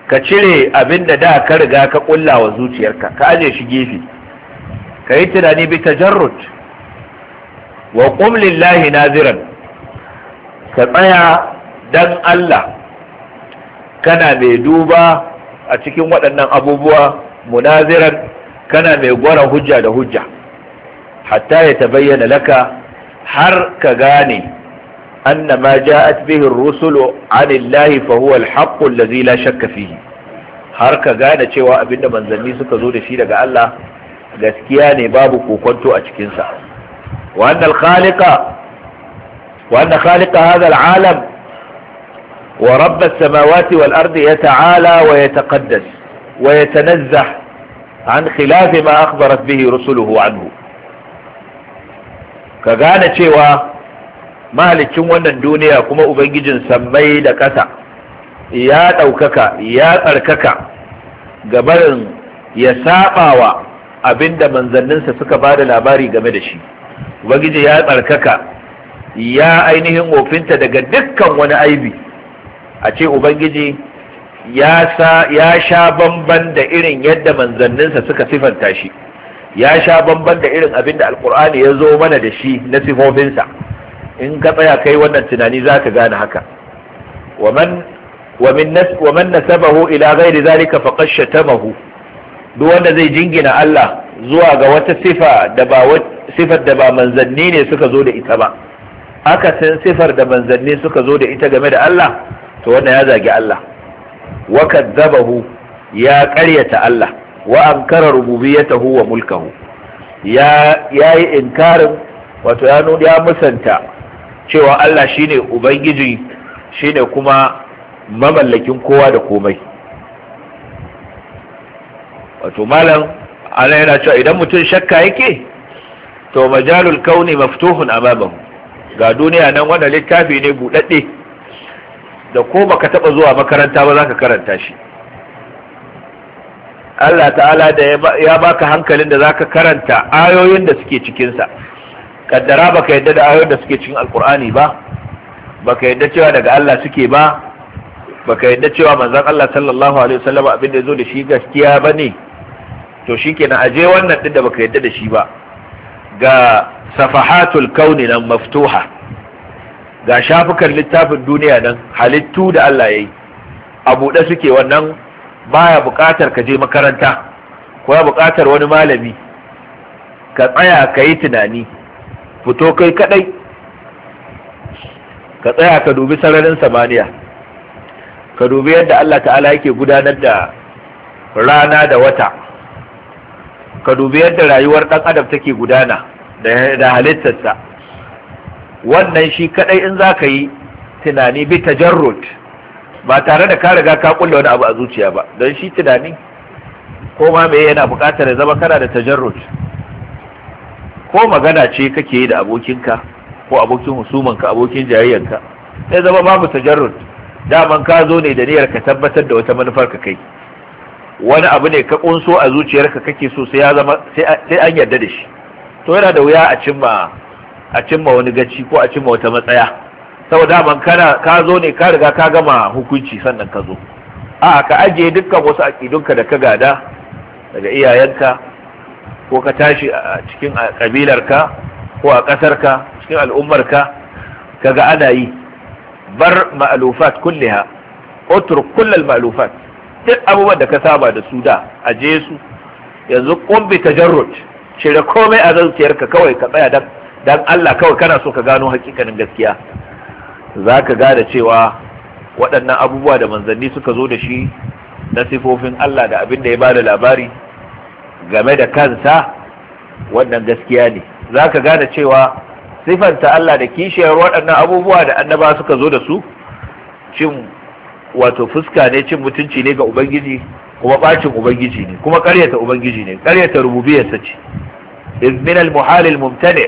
ka cire abin da da ka riga ka kulla wa zuciyarka ka aje shi gefe ka yi tunani bi tajarrud wa qum lillahi naziran ka tsaya dan Allah kana mai duba a cikin waɗannan abubuwa munaziran kana mai gwara hujja da hujja hatta ya tabayyana laka har ka gane أن ما جاءت به الرسل عن الله فهو الحق الذي لا شك فيه har ka gane cewa abinda manzanni suka zo da shi daga Allah gaskiya ne babu kokonto a cikinsa wanda khaliqa wannan khaliqa hadha al'alam wa rabb as-samawati wal ardi yata'ala wa yataqaddas wa yatanazzah an khilaf ma akhbarat bihi rusuluhu anhu ka gane cewa malikin wannan duniya kuma ubangijin sammai da ƙasa ya ɗaukaka ya tsarkaka gabarin ya saɓawa abinda manzanninsa suka ba da labari game da shi ubangiji ya tsarkaka ya ainihin ofinta daga dukkan wani aibi a ce ubangiji ya sha bamban da irin yadda manzanninsa suka sifanta shi ya sha bamban da irin abinda da alkur'ani ya zo mana da shi na sifofinsa in ka tsaya kai wannan tunani za ka gane haka wa man nasabahu ila ghairi zalika faqad shatamahu duk wanda zai jingina Allah zuwa ga wata sifa da ba sifar da ba manzanni ne suka zo da ita ba aka san sifar da manzanni suka zo da ita game da Allah to wannan ya zagi Allah wa kadzabahu ya karyata Allah wa ankara rububiyyatahu wa mulkahu ya yayi inkarin wato ya ya musanta cewa Allah shine ubangiji shine kuma mamallakin kowa da komai wato malam ana yana cewa idan mutum shakka yake to majalul kauni maftuhun amamahu ga duniya nan wannan littafi ne budadde da ko baka taba zuwa makaranta ba zaka karanta shi Allah ta'ala da ya baka hankalin da zaka karanta ayoyin da suke cikinsa. kaddara baka yadda da ayoyin da suke cikin alkur'ani ba baka yadda cewa daga Allah suke ba baka yadda cewa manzon Allah sallallahu alaihi wasallam abin da zo da shi gaskiya ne. to shikenan aje wannan din da baka yadda da shi ba ga safahatul kauni nan maftuha ga shafukan littafin duniya nan halittu da Allah yayi a buɗe suke wannan baya buƙatar ka je makaranta ko ya buƙatar wani malami ka tsaya ka yi tunani fito kai kadai ka tsaya ka dubi sararin samaniya ka dubi yadda Allah ta'ala yake gudanar da rana da wata ka dubi yadda rayuwar dan adam take gudana da halittarsa wannan shi kadai in za ka yi tunani bi tajarrud ba tare da ka riga ka kulle wani abu a zuciya ba don shi tunani ko ma me yana bukatar ya zama kana da tajarrud ko magana ce kake yi da abokinka ko abokin husumanka abokin jayayyanka sai zama babu tajarrud daman ka zo ne da niyyar ka tabbatar da wata manufar ka kai wani abu ne ka kunso a zuciyarka kake so sai ya zama sai an yarda da shi to yana da wuya a cimma a cimma wani gaci ko a cimma wata matsaya saboda man kana ka zo ne ka riga ka gama hukunci sannan ka zo a ka ajiye dukkan wasu aqidunka da ka gada daga iyayenka ko ka tashi a cikin kabilarka ko a ƙasarka cikin al'ummarka ka ga ana yi bar ma'alufat kulliha otur kullal ma'alufat duk abubuwan da ka saba da su da a je su yanzu kumbi jarrod. cire komai a zuciyarka kawai ka tsaya dan Allah kawai kana so ka gano hakikanin gaskiya Za ka gada cewa waɗannan abubuwa da manzanni suka zo da shi na sifofin Allah da abin da ya ba da labari game da kansa wannan gaskiya ne za ka gane cewa sifanta Allah da kishiyar waɗannan abubuwa da annaba suka zo da su cin wato fuska ne cin mutunci ne ga ubangiji kuma bacin ubangiji ne kuma ƙaryata ubangiji ne ƙaryata rububiyarsa ce iz min al muhal al mumtani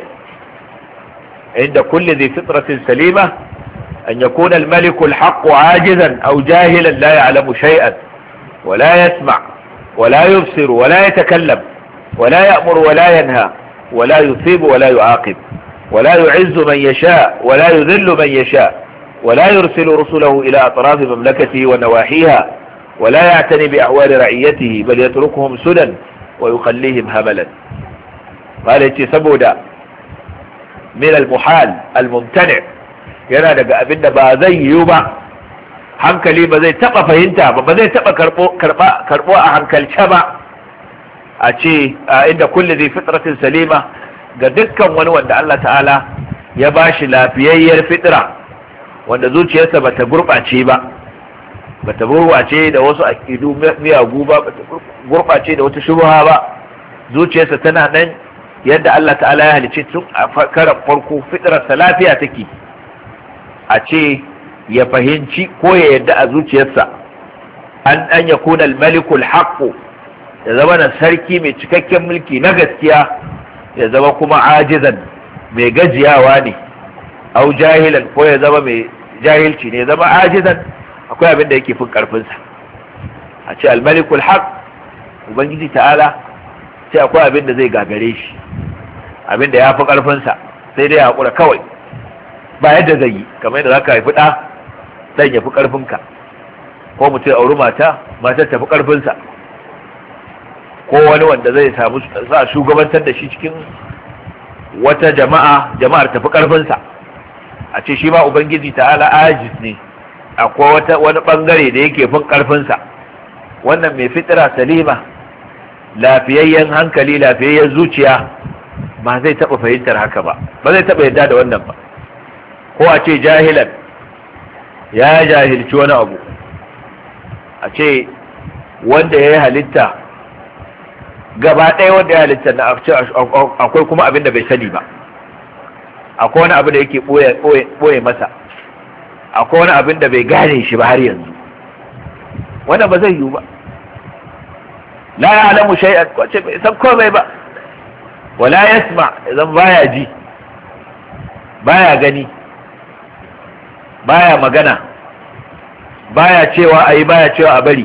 inda kulli dhi fitratin salima an yakuna al malik al haqq ajizan aw jahilan la ya'lamu shay'an wa la yasma' ولا يبصر ولا يتكلم ولا يأمر ولا ينهى ولا يثيب ولا يعاقب ولا يعز من يشاء ولا يذل من يشاء ولا يرسل رسله إلى أطراف مملكته ونواحيها ولا يعتني بأحوال رعيته بل يتركهم سدى ويخليهم هملا قال يتي من المحال الممتنع يرى daga بالنبا da ba hankali ba zai taba fahimta ba ba zai taba karbo a hankalce ba a ce inda kulle zai fitratin salima ga dukkan wani wanda Allah ta'ala ya ba shi lafiyayyar fitra wanda zuciyarsa ba ta gurɓace ba ta gurɓace da wasu aƙidu miyagu ba ta gurɓace da wata shubha ba zuciyarsa tana nan yadda Allah ta'ala ya halicci tun a karan farko fitrarsa lafiya take a ce ya fahimci ko ya yadda a zuciyarsa an dan ya kuna malikul haqqu ya zama na sarki mai cikakken mulki na gaskiya ya zama kuma ajizan mai gajiyawa ne au jahilan ko ya zama mai jahilci ne ya zama ajizan akwai abin da yake fin karfinsa a ce almalikul haq ubangiji ta'ala sai akwai abin da zai gagare shi abin da ya fi karfinsa sai dai ya haƙura kawai ba yadda zai yi kamar yadda za ka haifi ɗa dan ya fi karfinka ko mutum auri mata matar fi karfinsa ko wani wanda zai samu sa shugabantar da shi cikin wata jama'a jama'ar ta fi karfinsa a ce shi ma ubangiji ta'ala ajis ne akwai wata wani bangare da yake fin karfinsa wannan mai fitira salima lafiyayyen hankali lafiyayyen zuciya ba zai taɓa fahimtar haka ba ba zai taɓa yadda da wannan ba ko a ce jahilan ya jahilci wani abu a ce wanda ya yi halitta gaba ɗaya wanda ya halitta na akwai kuma abin da bai sani ba akwai wani abu da yake ɓoye masa akwai wani abin da bai gane shi ba har yanzu wannan ba zai yiwu ba la ya alamu a wace bai san komai ba wala yasma idan baya ji baya gani baya magana baya cewa a yi baya cewa a bari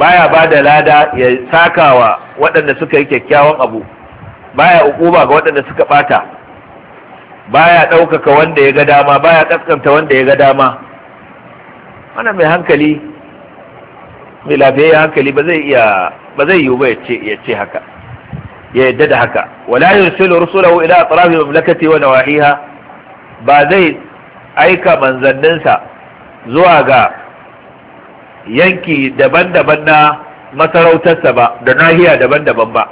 baya ba da lada ya sakawa waɗanda suka yi kyakkyawan abu baya ukuba ga waɗanda suka ɓata baya ɗaukaka wanda ya ga dama baya ƙasƙanta wanda ya ga dama wannan mai hankali mai lafiyayyen hankali ba zai iya ba zai yiwu ba ya ce haka ya yadda da haka wala yursilu rusulahu ila atrafi mamlakati wa nawahiha ba zai aika manzanninsa zuwa ga yanki daban-daban na masarautarsa ba da nahiya daban-daban ba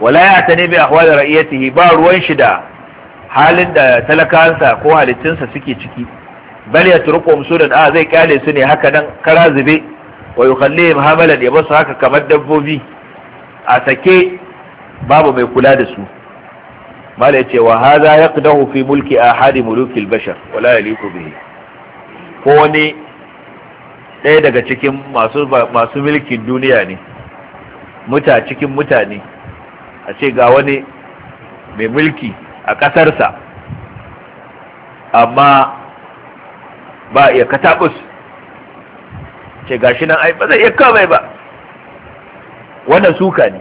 wala ya ta nemi ahwal ra'iyatihi ba ruwan shi da halin da talakansa ko halittunsa suke ciki bal ya turqum sudan a zai kyale su ne haka nan kara zube wa yukhallihim hamalan ya basu haka kamar dabbobi a sake babu mai kula da su mala ce wa ya yaqdahu fi mulki a hadi al-bashar wala liku bihi ko wani ɗaya daga cikin masu mulkin duniya ne muta cikin mutane a ce ga wani mai mulki a ƙasarsa amma ba iya katakus ce gashi nan ai ba zai iya kamai ba wannan suka ne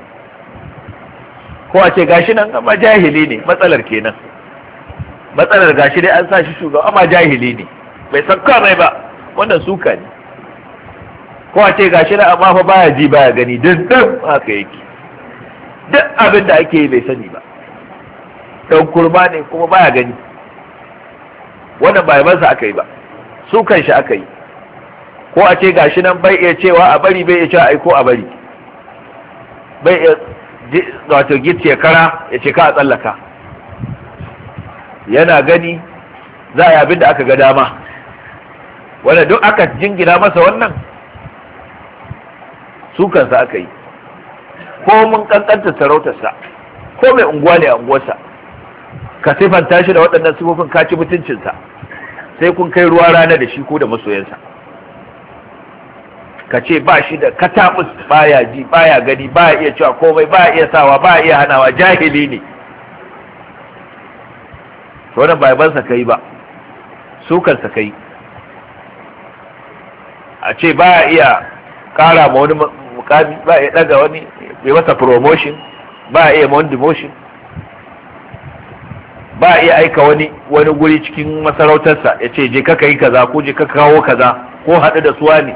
ko a ce gashi nan amma jahili ne matsalar kenan matsalar gashi dai an sa shi shugaba amma jahili ne bai san komai ba wannan suka ne ko a ce gashi nan amma fa baya ji baya gani dindin haka yake duk abin da ake yi bai sani ba dan kurma ne kuma baya gani wannan ba yabansa aka yi ba sukan shi aka yi ko a ce gashi nan bai iya cewa a bari bai iya cewa ai ko a bari bai iya wato git kara ya ce ka a tsallaka yana gani za a yi abin da aka ga dama wanda duk aka jingina masa wannan sukansa aka yi ko mun kankanta sarautarsa ko mai unguwa ne a unguwarsa ka sifanta shi da waɗannan sifofin kaci mutuncinsa sai kun kai ruwa rana da shi ko da masoyansa ka ce ba shi da katabus baya ji baya gani baya iya cewa komai baya iya sawa baya iya hanawa jahili ne wannan ba yabansa kai ba sa kai a ce ba iya kara ma wani mukami ba iya daga wani bai masa promotion ba iya ma wani demotion ba iya aika wani wani guri cikin masarautarsa ya ce je kaka yi kaza ko je ka kawo kaza ko haɗu da suwa ne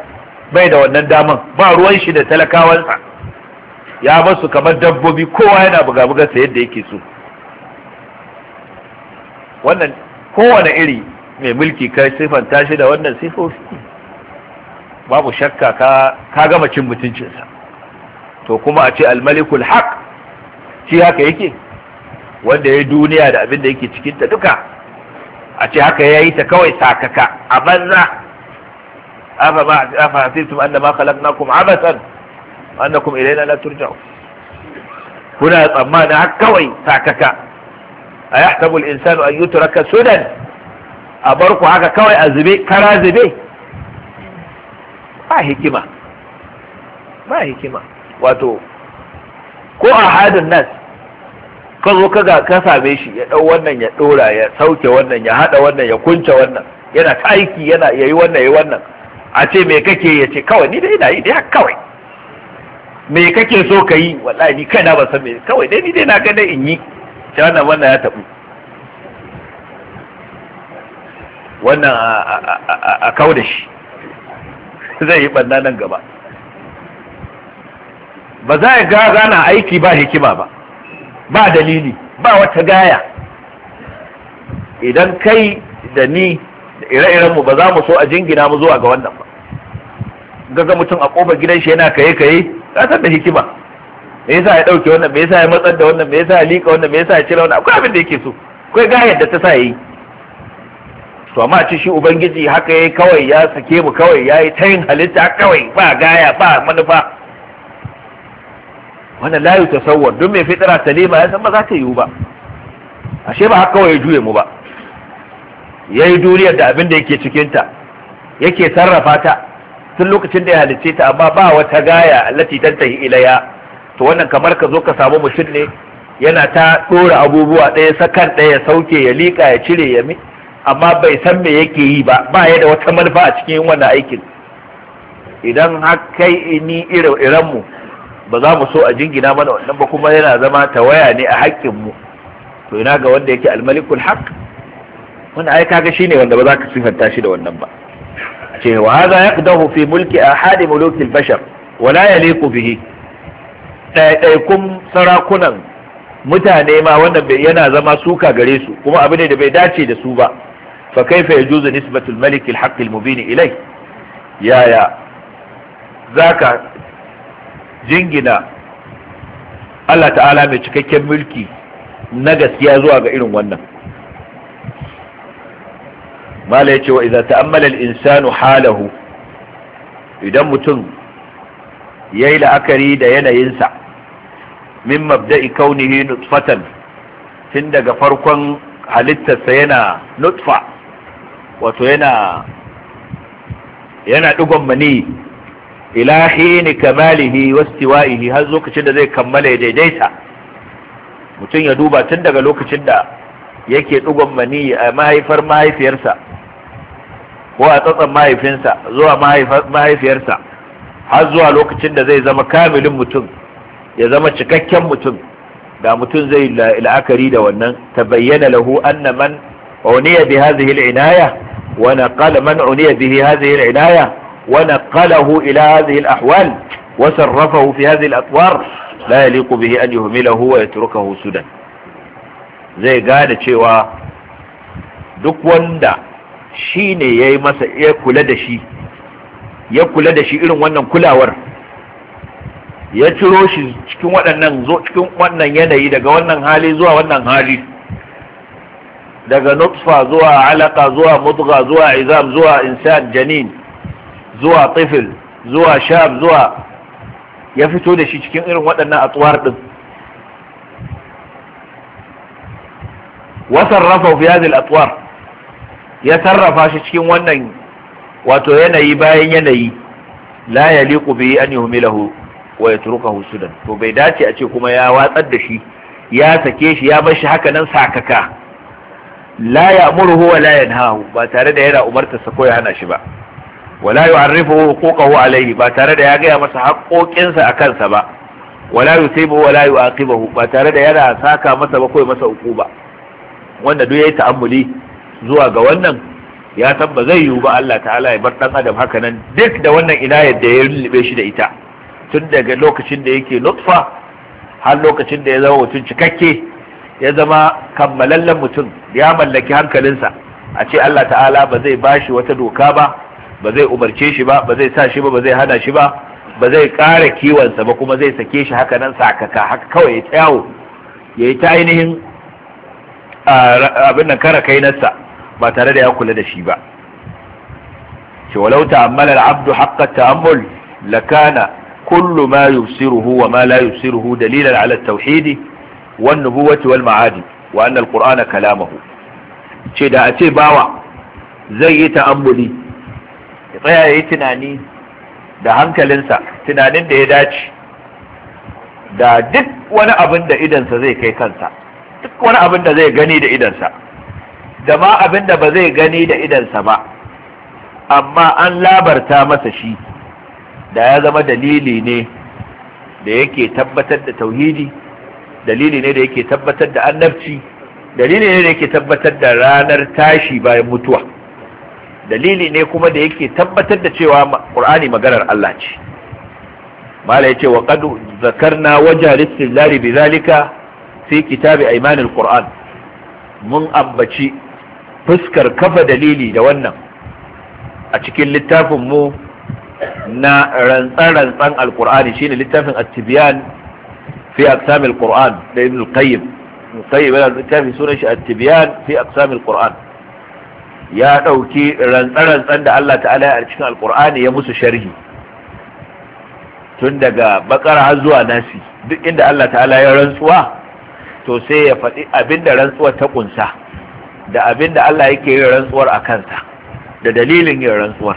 bai da wannan daman ba ruwan shi da talakawansa ya basu kamar dabbobi kowa yana buga-bugarsa yadda yake so wannan kowane iri mai mulki ka sifan shi da wannan siffofi babu shakka ka gama cin mutuncinsa to kuma a ce almalikul haq shi haka yake wanda ya duniya da abin da yake cikinta duka a ce haka ya yi ta kawai sakaka a banza afa ma afa hasibtum annama khalaqnakum abatan wa annakum ilayna la turja'un kuna tsammani haka kawai sakaka a yahtabu al-insanu an yutraka sudan a bar ku haka kawai a zube kara zube ba hikima ba hikima wato ko a hadin nas ka kaga ka same shi ya dau wannan ya dora ya sauke wannan ya hada wannan ya kunce wannan yana ta aiki yana yayi wannan yayi wannan a ce me kake ya ce kawai ni dai na yi dai kawai me kake so ka yi wallahi ni kai na ba san me kawai dai ni dai na ga dai in yi shi wannan wannan ya tabu wannan a kawo da shi zai yi banna nan gaba ba za ya ga gana aiki ba hikima ba ba dalili ba wata gaya idan kai da ni da ire-iren mu ba za mu so a jingina mu zuwa ga wannan ba gaga mutum a kofar gidan shi yana kaye kaye ka san da hikima me yasa ya dauke wannan me yasa ya matsar da wannan me yasa ya lika wannan me yasa ya cire wannan akwai abin da yake so akwai ga yadda ta sa yayi to amma ci shi ubangiji haka yayi kawai ya sake mu kawai yayi ta yin halitta kawai ba gaya ba manufa wannan layu tasawwur duk mai fitira salima ya san ba za ta yiwu ba ashe ba haka kawai ya juye mu ba ya yi duniyar da abin da yake cikinta yake sarrafa ta tun lokacin da ya halice ta amma ba wata gaya allati yi ilaya to wannan kamar ka zo ka samu mutum ne yana ta ɗora abubuwa ɗaya sakan ɗaya sauke ya liƙa ya cire ya mi amma bai san me yake yi ba ba ya da wata manufa a cikin wannan aikin idan har kai ni irin mu ba za mu so a jingina mana wannan ba kuma yana zama ta waya ne a haƙƙin mu to ina ga wanda yake almalikul haqq wanda ai kaga shine wanda ba za ka sifanta shi da wannan ba ce wa hadha yaqdahu fi mulki ahadi muluki al-bashar wa la yaliqu bihi ɗaiɗaikun sarakunan mutane ma wannan yana zama suka gare su kuma abu ne da bai dace da su ba fa kaifa yajuzu nisbatul malik al-haqq al-mubin ilai yaya zaka jingina Allah ta'ala mai cikakken mulki na gaskiya zuwa ga irin wannan mala yace wa idza ta'ammala al-insanu halahu idan mutum yayi la'akari da yanayinsa min mabda'i kaunihi nutfatan tun daga farkon halittarsa yana nutfa wato yana yana dugon mani ila ni kamalihi wastiwa'ihi har lokacin da zai kammala ya daidaita mutum ya duba tun daga lokacin da yake dugon mani a mahaifar mahaifiyarsa ko a tsatsan mahaifinsa zuwa mahaifiyarsa har zuwa lokacin da zai zama kamilin mutum ya zama cikakken mutum da mutum zai la'akari da wannan ta bayyana lahu anna man uniya bi hadhihi al-inaya wa naqala man uniya bihi hadhihi al-inaya wa naqalahu ila hadhihi al-ahwal wa sarrafahu fi hadhihi al-atwar la yaliqu bihi an yuhmilahu wa yatrukahu sudan zai gane cewa duk wanda shi ne ya yi masa ya kula da shi ya kula da shi irin wannan kulawar ya ciro shi cikin waɗannan zo cikin wannan yanayi daga wannan hali zuwa wannan hali daga nutfa zuwa alaka zuwa mudga zuwa izam zuwa insan janin zuwa tifil zuwa shab zuwa ya fito da shi cikin irin waɗannan atuwar din wasarrafa fi hadhihi al-atwar ya sarrafa shi cikin wannan wato yanayi bayan yanayi la yaliqu bi an yuhmilahu wa yatrukahu sudan to bai dace a ce kuma ya watsar da shi ya sake shi ya bar shi haka nan sakaka la ya'muruhu wa la yanhahu ba tare da yana umartar sa ko ya hana shi ba wala yu'arrifuhu huquqahu alayhi ba tare da ya gaya masa haƙoƙinsa a kansa ba wala yusibu la yu'aqibuhu ba tare da yana saka masa ba ko masa ba wanda duk yayi ta'ammuli zuwa ga wannan ya tabba zai yiwu ba Allah ta'ala ya bar dan adam haka nan duk da wannan inayar da ya lullube shi da ita tun daga lokacin da yake nutfa har lokacin da ya zama mutum cikakke ya zama kammalallen mutum ya mallaki hankalinsa a ce Allah ta'ala ba zai bashi wata doka ba ba zai umarce shi ba ba zai sa shi ba ba zai hana shi ba ba zai ƙara kiwonsa ba kuma zai sake shi haka nan sakaka haka kawai ya tsawo ya yi ta ainihin abin nan kara kainarsa ba tare da ya kula da shi ba ce walau ta'ammala abdu haqqa ta'ammul lakana kullu ma wa ma la yubsiruhu dalilan ala at-tauhid wa an wal ma'adi wa anna al-qur'ana kalamuhu ce da a ce bawa zai yi ta'ammuli ya tsaya yayi tunani da hankalinsa tunanin da ya dace da duk wani abin da idansa zai kai kansa duk wani abin da zai gani da idansa da ma abin da ba zai gani da idansa ba amma an labarta masa shi da ya zama dalili ne da yake tabbatar da tauhidi dalili ne da yake tabbatar da annabci dalili ne da yake tabbatar da ranar tashi bayan mutuwa dalili ne kuma da yake tabbatar da cewa ƙur'ani maganar Allah ce mala yace wa qad zakarna wajha listilari bizalika fi kitabi imanin ƙur'an, mun ambaci fuskar kafa dalili da wannan a cikin littafinmu na rantsan-rantsan alkur'ani shine littafin at fi aqsam quran da ibn al-qayyim al-qayyim littafin sunan shi at fi aqsam quran ya dauki rantsan-rantsan da Allah ta'ala ya cikin alkur'ani ya musu sharhi tun daga bakara har zuwa nasi duk inda Allah ta'ala ya rantsuwa to sai ya faɗi abinda rantsuwa ta kunsa da abin da Allah yake yin rantsuwar a kansa da dalilin yin rantsuwar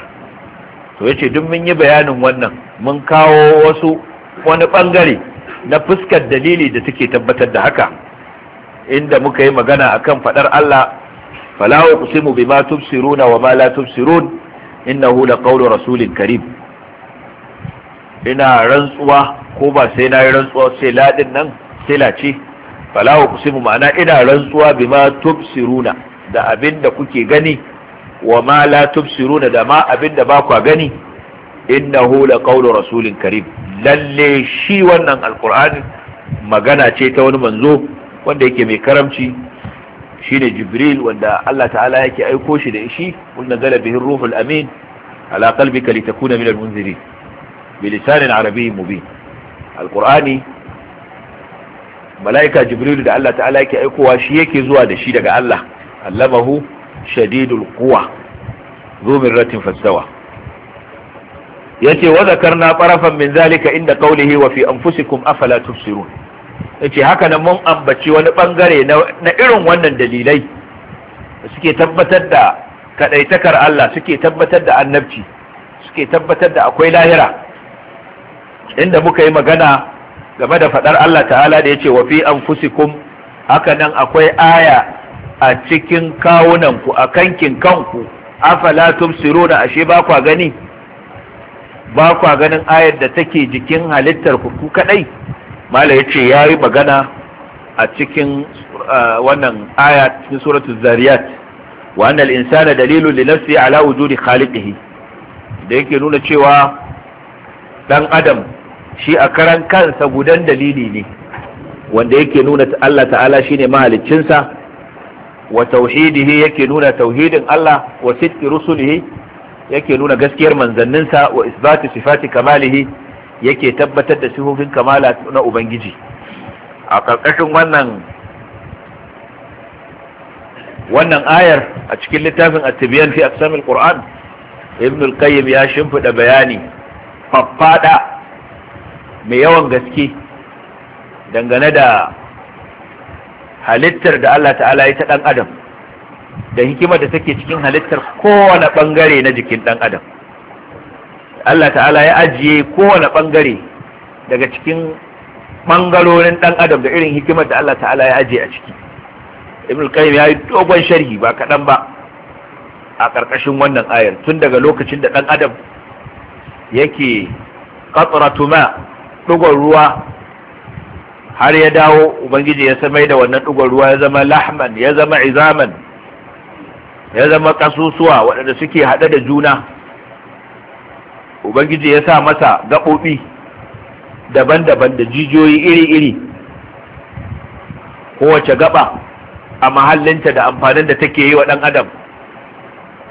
to yace duk mun yi bayanin wannan mun kawo wasu wani bangare na fuskar dalili da take tabbatar da haka inda muka yi magana akan faɗar Allah fala uqsimu bima tubsiruna wa ma la tubsirun hula laqawlu rasulin karim ina rantsuwa ko ba sai na yi rantsuwa sai ladin nan sai lace fala wa kusimu ma'ana ina rantsuwa bima tubsiruna da abin da kuke gani wa ma la tubsiruna da ma abin da ba ku gani innahu la qawlu rasulin karim lalle shi wannan alqur'ani magana ce ta wani manzo wanda yake mai karamci shine jibril wanda Allah ta'ala yake aiko shi da shi wannan zala ruhul amin ala qalbika litakuna min almunzirin bilisanin arabiyyin mubin alqur'ani mala'ika jibrilu da Allah ta'ala yake aikowa shi yake zuwa da shi daga Allah allamahu shadidul quwa zumin ratin Ya yace wazakar na qarafan min zalika inda qawlihi wa fi anfusikum afala tubsirun yace haka nan mun ambaci wani bangare na irin wannan dalilai suke tabbatar da kadaitakar Allah suke tabbatar da annabci suke tabbatar da akwai lahira inda muka yi magana game da faɗar Allah ta'ala da ya ce wa fi anfusikum haka nan akwai aya a cikin kawunanku a kankin kanku afala tumsiruna ashe ba kwa gani ba kwa ganin ayar da take jikin halittar ku ku kadai mala yace yayi magana a cikin wannan aya cikin suratul zariyat wa annal insana dalilun li nafsi ala wujudi khaliqihi da yake nuna cewa dan adam shi a karan kansa gudan dalili ne wanda yake nuna Allah ta'ala shine mahaliccinsa wa tauhidihi yake nuna tauhidin Allah wa sidqi rusulihi yake nuna gaskiyar manzanninsa wa isbati sifati kamalihi yake tabbatar da sifofin kamala na ubangiji a karkashin wannan wannan ayar a cikin littafin at-tibyan fi aqsamil qur'an ibn al-qayyim ya shimfida bayani faffada mai yawan gaske dangane da halittar da Allah ta'ala ya ta ɗan adam da hikimar da take cikin halittar kowane ɓangare na jikin ɗan adam Allah ta'ala ya ajiye kowane ɓangare daga cikin ɓangarorin ɗan adam da irin hikimar da Allah ta'ala ya ajiye a ciki ibn qayyim ya yi dogon sharhi ba kaɗan ba a ƙarƙashin wannan ayar tun daga lokacin da ɗan adam yake qatratu ma ɗugon ruwa har ya dawo ubangiji ya samai da wannan ɗugon ruwa ya zama lahman ya zama izaman ya zama ƙasusuwa waɗanda suke haɗe da juna ubangiji ya sa masa gaɓoɓi daban-daban da jijiyoyi iri-iri kowace gaba a mahallinta da amfanin da take yi wa ɗan adam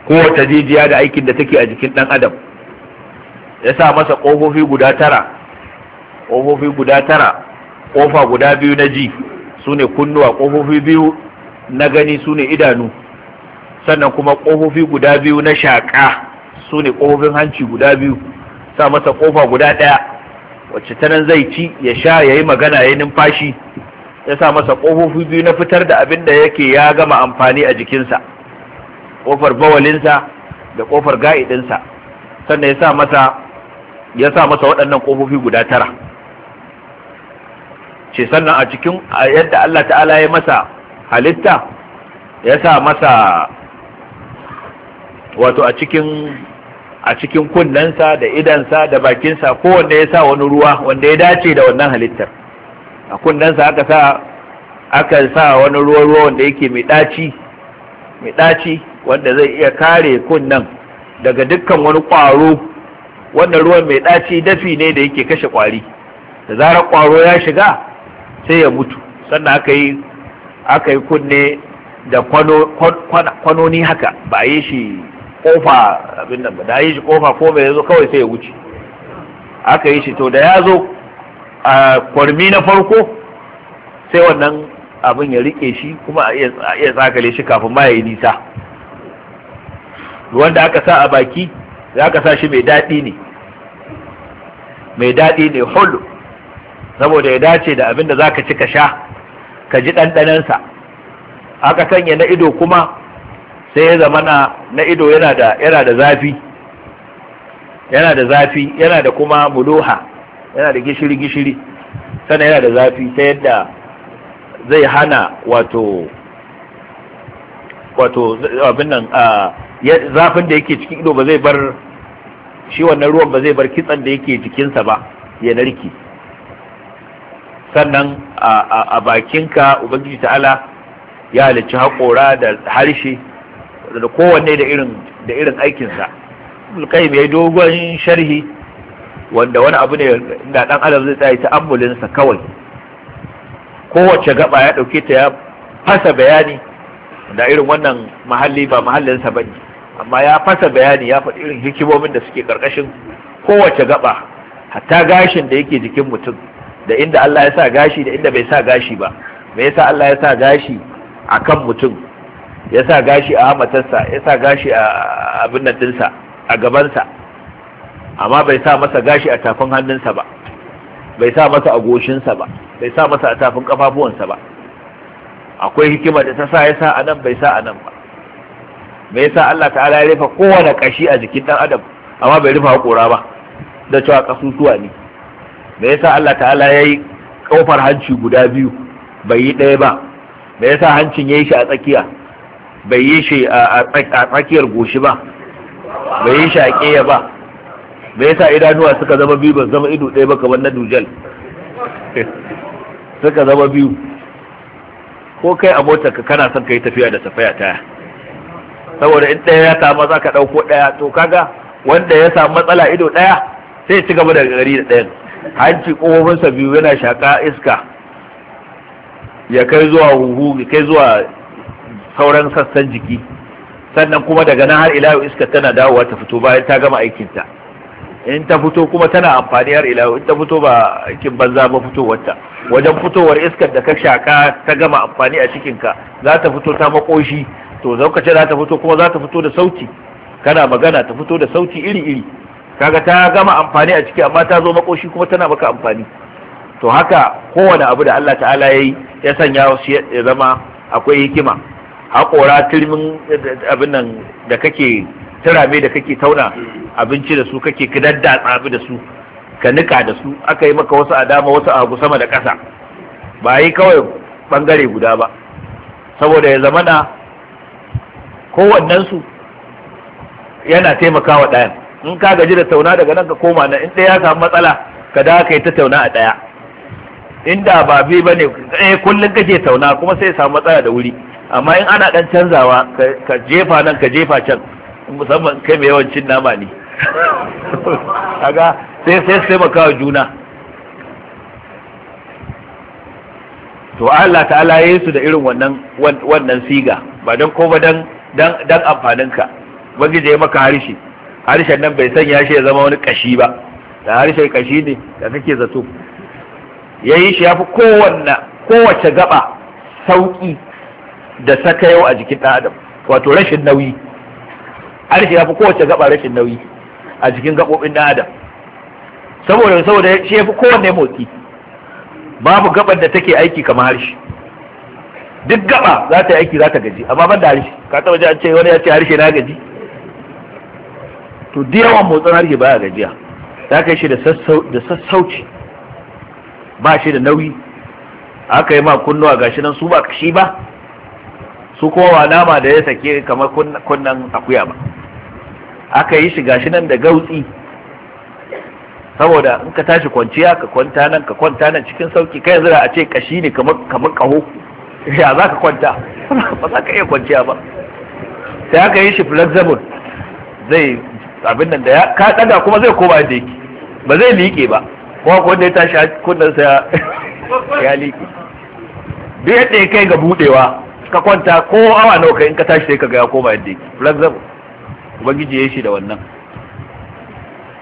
kowace jijiya da aikin da take a jikin ɗan adam ya sa masa ƙofofi guda tara kofofi guda tara kofa guda biyu na ji sune kunnuwa kofofi biyu na gani sune idanu sannan kuma kofofi guda biyu na shaka sune kofofin hanci guda biyu sa masa kofa guda ɗaya wacce ta nan zai ci ya sha ya yi magana ya yi numfashi ya sa masa kofofi biyu na fitar da abin da yake ya gama amfani a jikinsa kofar bawalinsa da kofar ga'idinsa sannan ya sa masa ya sa masa waɗannan ƙofofi guda tara ce sannan a cikin yadda Allah ta'ala ya masa halitta ya sa masa wato a cikin a cikin kunnensa da idansa da bakinsa kowanne ya sa wani ruwa wanda ya dace da wannan halittar a kunnensa aka sa aka sa wani ruwa ruwa wanda yake mai daci mai daci wanda zai iya kare kunnen daga dukkan wani ƙwaro wannan ruwan mai daci dafi ne da yake kashe ƙwari da zarar ƙwaro ya shiga sai ya mutu sannan aka yi aka yi kunne da kwanoni haka ba yi shi kofa abin nan ba da yi shi kofa ko mai yazo kawai sai ya wuce aka yi shi to da ya zo a kwarmi na farko sai wannan abin ya rike shi kuma a iya tsakale shi kafin ma ya yi nisa wanda aka sa a baki za ka sa shi mai daɗi ne mai daɗi ne hulu saboda ya dace da abin da za ka ci ka sha ka ji ɗanɗanansa aka sanya na ido kuma sai ya zama na ido yana da yana da zafi yana da zafi yana da kuma muluha yana da gishiri gishiri sannan yana da zafi ta yadda zai hana wato wato abin nan zafin da yake cikin ido ba zai bar shi wannan ruwan ba zai bar kitsan da yake jikinsa ba ya narki sannan a bakinka ubangiji ta'ala ya halicci haƙora da harshe da kowanne da irin aikinsa kai mai dogon sharhi wanda wani abu ne da dan adam zai tsaye sa kawai kowace gaba ya ɗauke ta ya fasa bayani da irin wannan mahalli ba mahallinsa ba ne amma ya fasa bayani ya faɗi irin hikimomin da suke ƙarƙashin kowace gaba hatta gashin da yake jikin mutum da inda Allah ya sa gashi da inda bai sa gashi ba me yasa Allah ya sa gashi akan mutum ya sa gashi a hamatarsa ya sa gashi a abin nan dinsa a gabansa amma bai sa masa gashi a tafin hannunsa ba bai sa masa a goshinsa ba bai sa masa a tafin kafafuwansa ba akwai hikima da ta sa ya sa a nan bai sa a nan ba me yasa Allah ta'ala ya rufe kowane kashi a jikin dan adam amma bai rufe haƙora ba da cewa kasusuwa ne me yasa Allah ta'ala Ya yi kofar hanci guda biyu bai yi ɗaya ba me yasa hancin ya yi shi a tsakiya bai yi shi a tsakiyar goshi ba bai yi shi a ƙeya ba me yasa idanuwa suka zama biyu ba zama ido ɗaya ba kamar na dujal suka zama biyu ko kai a motar ka kana son ka yi tafiya da safaya taya saboda in ɗaya ya samu za ka ɗauko ɗaya to kaga wanda ya samu matsala ido ɗaya sai ci gaba da gari da ɗayan hanci kofofinsa biyu yana shaƙa iska ya kai zuwa huhu ya kai zuwa sauran sassan jiki sannan kuma daga nan har ilayu iska tana dawowa ta fito bayan ta gama aikinta in ta fito kuma tana amfani har ilayu in ta fito ba kin banza ba fitowarta wajen fitowar iskar da ka shaƙa ta gama amfani a cikinka za ta fito ta makoshi to zaukace za ta fito kuma za ta fito da sauti kana magana ta fito da sauti iri iri kaga ta gama amfani a ciki amma ta zo makoshi kuma tana maka amfani to haka kowane abu da Allah ta'ala ya yi ya sanya shi ya zama akwai hikima haƙora turmin abin nan da kake turame da kake tauna abinci da su kake kidadda tsabi da su ka nika da su aka yi maka wasu a dama wasu a sama da ƙasa ba yi kawai bangare guda ba saboda ya zamana kowannensu yana taimakawa ɗayan in ka gaji da tauna daga nan ka koma na, in ɗaya ya samu matsala ka da ka yi ta tauna a ɗaya inda ba bi ba ne ɗaya eh, kullum kake tauna kuma sai ya samu matsala da wuri amma in ana ɗan canzawa ka jefa nan ka jefa can musamman kai mai yawancin nama ne kaga sai sai su taimaka wa juna to Allah ta'ala ya su da irin wannan wannan siga ba don ko ba dan dan amfaninka ubangiji ya maka harshe harshen nan bai sanya shi ya zama wani kashi ba da harshen kashi ne da kake zato Ya yi shi yafi kowanne kowace gaba sauki da saka yau a jikin ɗan adam wato rashin nauyi harshe yafi kowace gaba rashin nauyi a jikin gabobin ɗan adam saboda saboda shi yafi kowanne motsi babu gaban da take aiki kamar harshe duk gaba za ta yi aiki za ta gaji amma ban da harshe ka taba ji an ce wani ya ce harshe na gaji to da yawan motsin harshe baya gajiya ta kai shi da sassauci ba shi da nauyi aka yi ma kunnuwa gashi nan su ba kashi ba su kuma wa nama da ya sake kamar kunnan akuya ba aka yi shi gashi nan da gautsi saboda in ka tashi kwanciya ka kwanta nan ka kwanta nan cikin sauki kai yanzu da a ce kashi ne kamar kamar kaho ya za ka kwanta ba za ka iya kwanciya ba sai aka yi shi flexible zai abin nan da ka daga kuma zai koma yadda yake ba zai liƙe ba kuma ko wanda ya tashi kunnan sa ya liƙe duk yadda ya kai ga budewa ka kwanta ko awa nawa kai in ka tashi sai ka ga ya koma yadda yake example ubangiji ya yi shi da wannan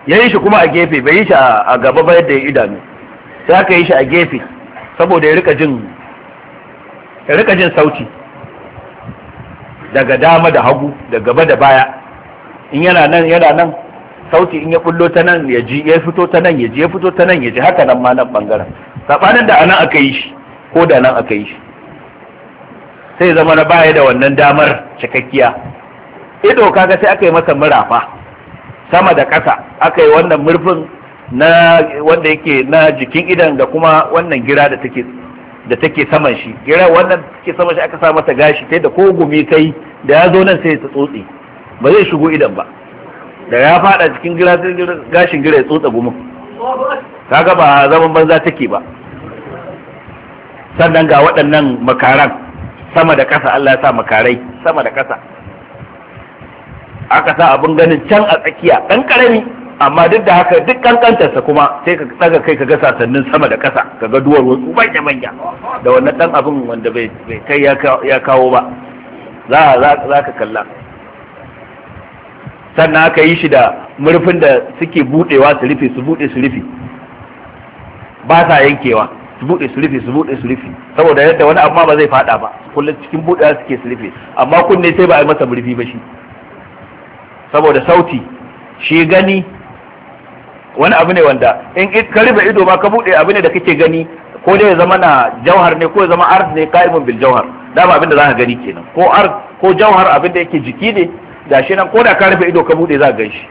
ya yi shi kuma a gefe bai yi shi a gaba ba yadda ya idanu sai aka yi shi a gefe saboda ya rika jin ya rika jin sauti daga dama da hagu da gaba da baya in yana nan yana nan sauti in ya bullo ta nan ya ji ya fito ta nan ya ji ya fito ta nan ya ji haka nan ma nan bangaren sabanin da anan aka yi shi ko da nan aka yi shi sai zama na baya da wannan damar cikakkiya ido kaga sai aka yi masa murafa sama da kasa aka yi wannan murfin na wanda yake na jikin idan da kuma wannan gira da take da take saman shi gira wannan take saman shi aka sa masa gashi sai da ko gumi kai da ya zo nan sai ta tsotse ba zai shigo idan ba da ya fada cikin gashin gira ya tsotsa gumin kaga ba zaman banza take ba sannan ga waɗannan makaran sama da ƙasa Allah ya sa makarai sama da ƙasa aka sa abin ganin can a tsakiya ɗan ƙarami amma duk da haka duk ƙanƙantarsa kuma sai ka daga kai ka ga sasannin sama da ƙasa, ka ga duwar wasu manya manya da wannan ɗan abin wanda bai kai ya kawo ba za ka kalla sannan aka yi shi da murfin da suke budewa su rufe su bude su rufe ba sa yankewa su bude su rufe su bude su rufe saboda yadda wani amma ba zai fada ba kullum cikin budewa suke su rufe amma kunne sai ba a yi masa murfi ba shi saboda sauti shi gani wani abu ne wanda in ka rufe ido ma ka bude abu ne da kake gani ko dai ya zama na jauhar ne ko ya zama art ne ka'imun bil jauhar dama abin da za ka gani kenan ko art ko jauhar abin da yake jiki ne gashi nan ko da ka rufe ido ka bude za ka shi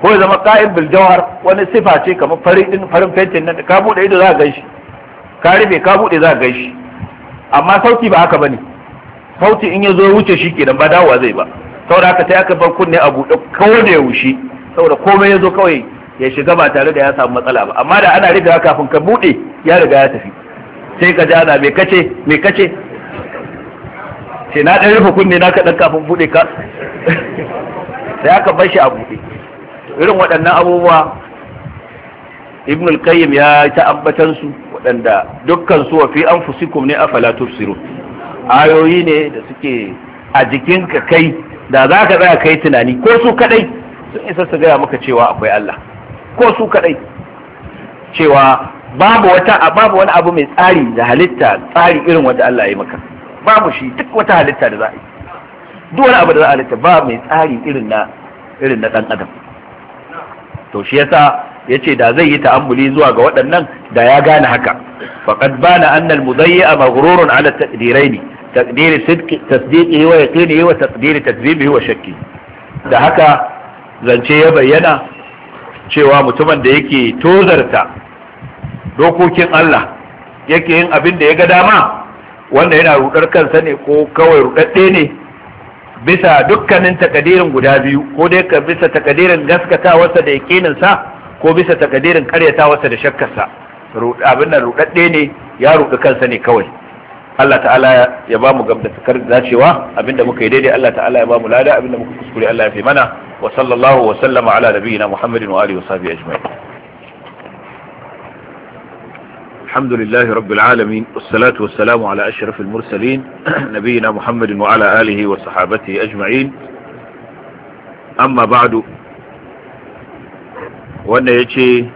ko ya zama qa'im bil jawhar wani sifa ce kamar farin farin fentin nan ka bude ido za ka shi ka rufe ka bude za ka shi amma sauti ba haka bane sauti in ya zo wuce shi kenan ba dawowa zai ba saboda haka sai aka bar kunne a buɗe ko da wushi. saboda komai ya zo kawai ya shiga ba tare da ya samu matsala ba amma da ana riga kafin ka bude ya riga ya tafi sai ka ji ana me kace me kace ce na ɗan rufe kunne na kaɗan kafin buɗe ka sai aka bar shi a buɗe irin waɗannan abubuwa ibn al-qayyim ya ta ambatan su waɗanda dukkan su wa fi anfusikum ne afala tubsirun ayoyi ne da suke a jikinka kai da za ka tsaya kai tunani ko su kadai sun isa su gaya maka cewa akwai Allah ko su kadai cewa babu wata babu wani abu mai tsari da halitta tsari irin wanda Allah ya yi maka babu shi duk wata halitta da za a yi duk wani abu da za a halitta ba mai tsari irin na irin na dan adam to shi yasa yace da zai yi ta'ammuli zuwa ga waɗannan da ya gane haka faqad bana anna al-mudayyi'a maghrurun ala taqdiraini taqdir sidqi tasdiqihi wa yaqinihi wa taqdir takzibihi wa shakki da haka zance ya bayyana cewa mutumin da yake tozarta dokokin Allah yake yin abin da ya ga dama wanda yana rudar kansa ne ko kawai rudadde ne bisa dukkanin takadirin guda biyu ko dai ka bisa takadirin gaskatawarsa da yakinin sa ko bisa takadirin karyatawarsa da sa abin nan rudadde ne ya rudu kansa ne kawai Allah ta'ala ya ba mu gamdatakar dacewa abinda muka yi daidai Allah ta'ala ya ba mu lada abinda muka kuskure Allah ya fi mana wa sallallahu wa sallama ala nabiyyina Muhammadin wa alihi wa sahbihi ajma'in الحمد لله رب العالمين والصلاة والسلام على أشرف المرسلين نبينا محمد وعلى آله وصحابته أجمعين أما بعد وأن يجي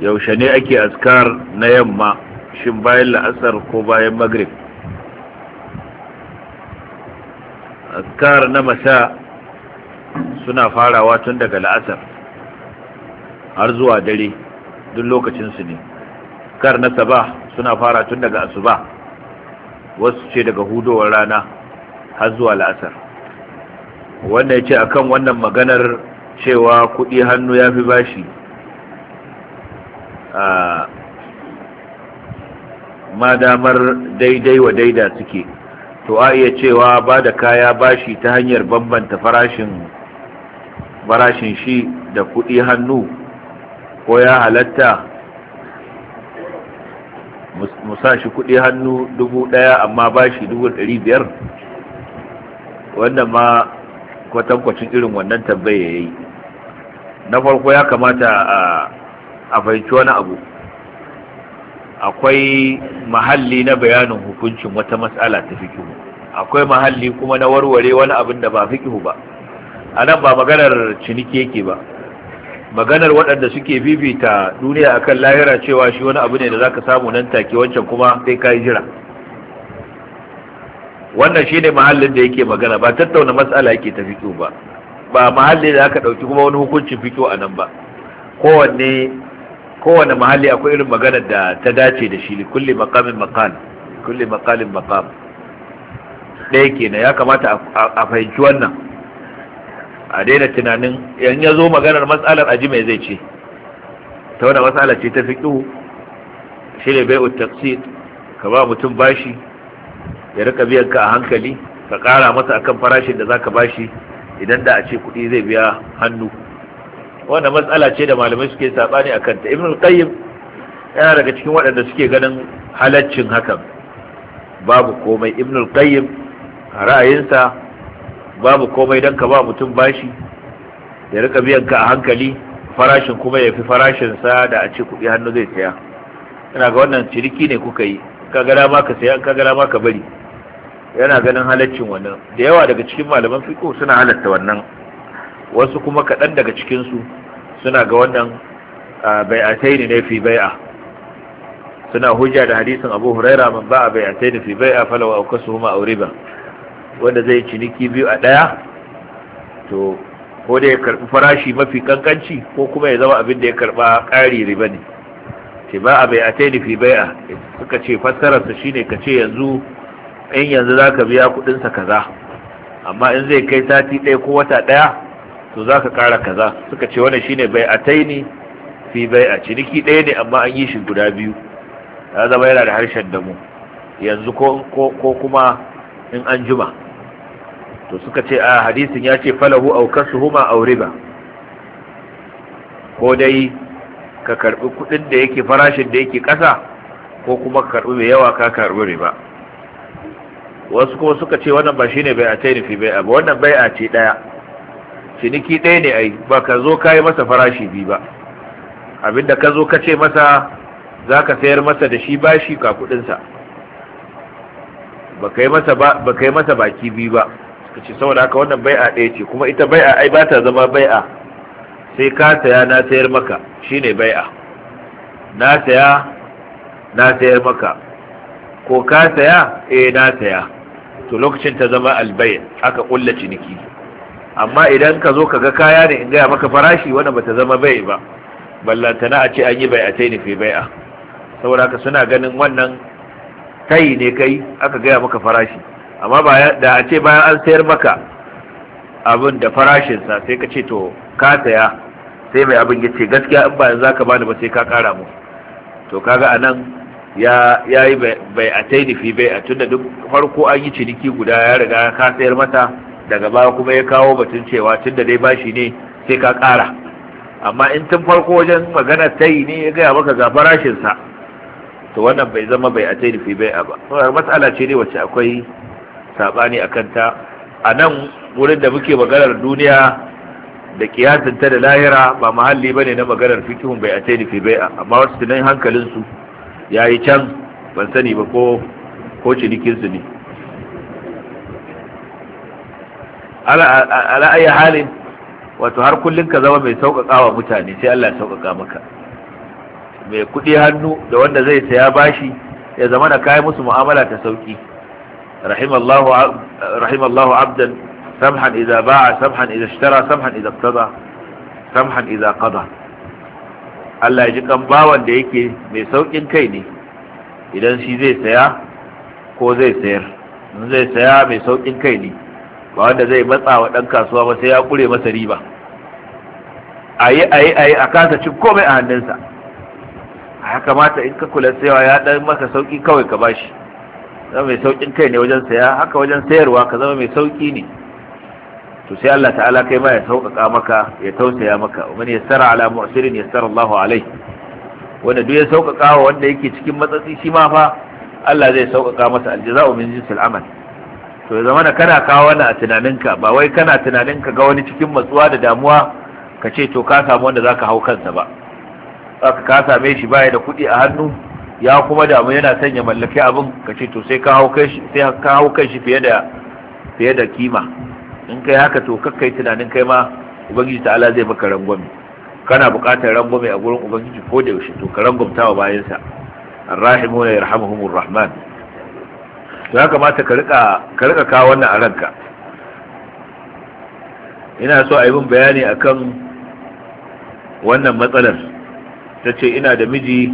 يوشني أكي أذكار نيما شمبايل لأسر كوبايل مغرب أذكار نمساء suna farawa tun daga la'asar har zuwa dare duk lokacinsu ne azkar na sabah suna fara tun daga asuba wasu ce daga hudowar rana har zuwa la'asar Wannan ya ce akan wannan maganar cewa kudi hannu ya fi bashi a madamar daidai wa daida suke to a iya cewa ba da kaya bashi ta hanyar bambanta farashin farashin shi da kudi hannu ko ya halatta mu sa shi kuɗi hannu dubu ɗaya amma ba shi dubu ɗari biyar wanda ma kwatankwacin irin wannan tambaye ya yi na farko ya kamata a fahimci wani abu akwai mahalli na bayanin hukuncin wata matsala ta fikihu akwai mahalli kuma na warware wani abin da ba fikihu ba a nan ba maganar ciniki yake ba maganar waɗanda suke bibita duniya akan lahira cewa shi wani abu ne da zaka samu nan take wancan kuma sai kai jira wannan shine mahallin da yake magana ba tattauna matsala yake ta fito ba ba mahalli da aka dauki kuma wani hukuncin fito a nan ba kowane kowanne mahalli akwai irin magana da ta dace da shi li kulli maqamin maqal kulli maqalin ɗaya kenan ya kamata a fahimci wannan a daina tunanin yan ya zo maganar matsalar aji mai zai ce ta wani matsala ce ta fi fiƙihu shi ne bai utaksi ka ba mutum bashi ya rika biyan ka a hankali ka ƙara masa akan farashin da zaka bashi idan da a ce kuɗi zai biya hannu wannan matsala ce da malamai suke saɓani a kanta ibn al-qayyim yana daga cikin waɗanda suke ganin halaccin hakan babu komai ibn al-qayyim ra'ayinsa babu komai don ka ba mutum bashi ya rika biyan ka a hankali farashin kuma ya fi farashinsa da a ce kuɗi hannu zai saya yana ga wannan ciriki ne kuka yi ka gana ma ka saya ka gana ma ka bari yana ganin halaccin wannan da yawa daga cikin malaman fiko suna halatta wannan wasu kuma kaɗan daga cikinsu suna ga wannan bai a bai'atai ne fi bai a suna hujja da hadisin abu huraira man ba'a bai'atai ne fi fi-bai-a a falawa a huma ba. wanda zai ciniki biyu a ɗaya to ko da ya karɓi farashi mafi kankanci ko kuma ya zama abin da ya karɓa ƙari riba ne ce ba a bai a taini fi bai a suka ce fassararsa shine ka ce yanzu in yanzu za ka biya kuɗinsa kaza amma in zai kai sati ɗaya ko wata ɗaya to za ka ƙara kaza suka ce shi shine bai a taini fi bai a ciniki ɗaya ne amma an yi shi guda biyu ya zama yana da harshen damu yanzu ko kuma in an juma to suka ce a ah, hadisin ya ce falahu su huma ba. ko dai ka karbi kudin da yake farashin da yake kasa ko kuma ka karbi mai yawa ka karbi riba wasu kuma suka ce wannan ba shine bai a ta nufi bai ba wannan bai a ce daya ciniki ɗaya ne ai ba ka zo ka yi masa farashi biyu ba abinda ka zo ka ce masa za ka sayar masa da shi bashi ka kudinsa ba ka yi masa baki biyu ba ce saboda haka wannan bai'a ɗaya ce kuma ita bai'a ai ba ta zama bai'a sai ka saya na sayar maka shine bai'a na saya na sayar maka ko ka saya eh na saya to lokacin ta zama albai, aka kulla ciniki amma idan ka zo ka ga kaya ne in gaya maka farashi wannan bata zama bai ba ballantana a ce an yi bai a tai nufi bai'a saboda haka suna ganin wannan kai ne kai aka gaya maka farashi amma da a ce bayan an sayar maka abin da farashinsa sai ka ce to ka saya sai mai abin ya ce gaskiya in ba za ka bani ba sai ka kara mu to kaga a nan ya yi bai a tainifi bai a tunda duk farko an yi ciniki guda ya riga ka sayar mata daga baya kuma ya kawo batun cewa tunda dai bashi ne sai ka kara amma in tun farko wajen magana tayi ne ya gaya maka ga farashinsa to wannan bai zama bai a tainifi bai a ba matsala ce ne wacce akwai sabani akan ta a nan wurin da muke maganar duniya da kiyasin ta da lahira ba mahalli bane na maganar fikihun bai ace ni fi bai'a amma wasu tunan hankalin su yayi can ban sani ba ko ko cinikin su ne ala ayi halin wato har kullun ka zama mai sauƙaƙawa mutane sai Allah ya sauƙaƙa maka mai kuɗi hannu da wanda zai saya bashi ya zama da kai musu mu'amala ta sauki rahimallahu abdan samhan idza ba'a samhan idza ishtara samhan idza qada samhan idza qada Allah ya ji kan bawan da yake mai saukin kai ne idan shi zai saya ko zai sayar in zai saya mai saukin kai ne ba wanda zai matsa wa dan kasuwa ba sai ya kure masa riba ayi ayi ayi a kasa cin komai a hannunsa A haka mata in ka kula sayawa ya dan maka sauki kawai ka bashi zama mai saukin kai ne wajen saya haka wajen sayarwa ka zama mai sauki ne to sai Allah ta'ala kai ma ya sauƙaƙa maka ya tausaya maka man yassara ala mu'sirin yassara Allah alai wanda duk ya sauƙaƙa wa wanda yake cikin matsatsi shi ma fa Allah zai sauƙaƙa masa aljaza'u min jinsil amal to ya zama na kana kawo wani a tunaninka ba wai kana tunaninka ga wani cikin matsuwa da damuwa ka ce to ka samu wanda zaka hau kansa ba zaka ka same shi baya da kuɗi a hannu ya kuma damu yana son ya mallaki abin ka ce to sai ka hau kai shi fiye da kima in kai haka to kakkai tunanin kai ma ubangiji ta ala zai maka rangwame kana bukatar rangwame a gurin ubangiji ko da yaushe to ka rangwamta wa bayansa arrahimu ya yarhamuhumur rahman to ya kamata ka rika ka rika kawo wannan a ranka ina so a yi min bayani akan wannan matsalar ta ce ina da miji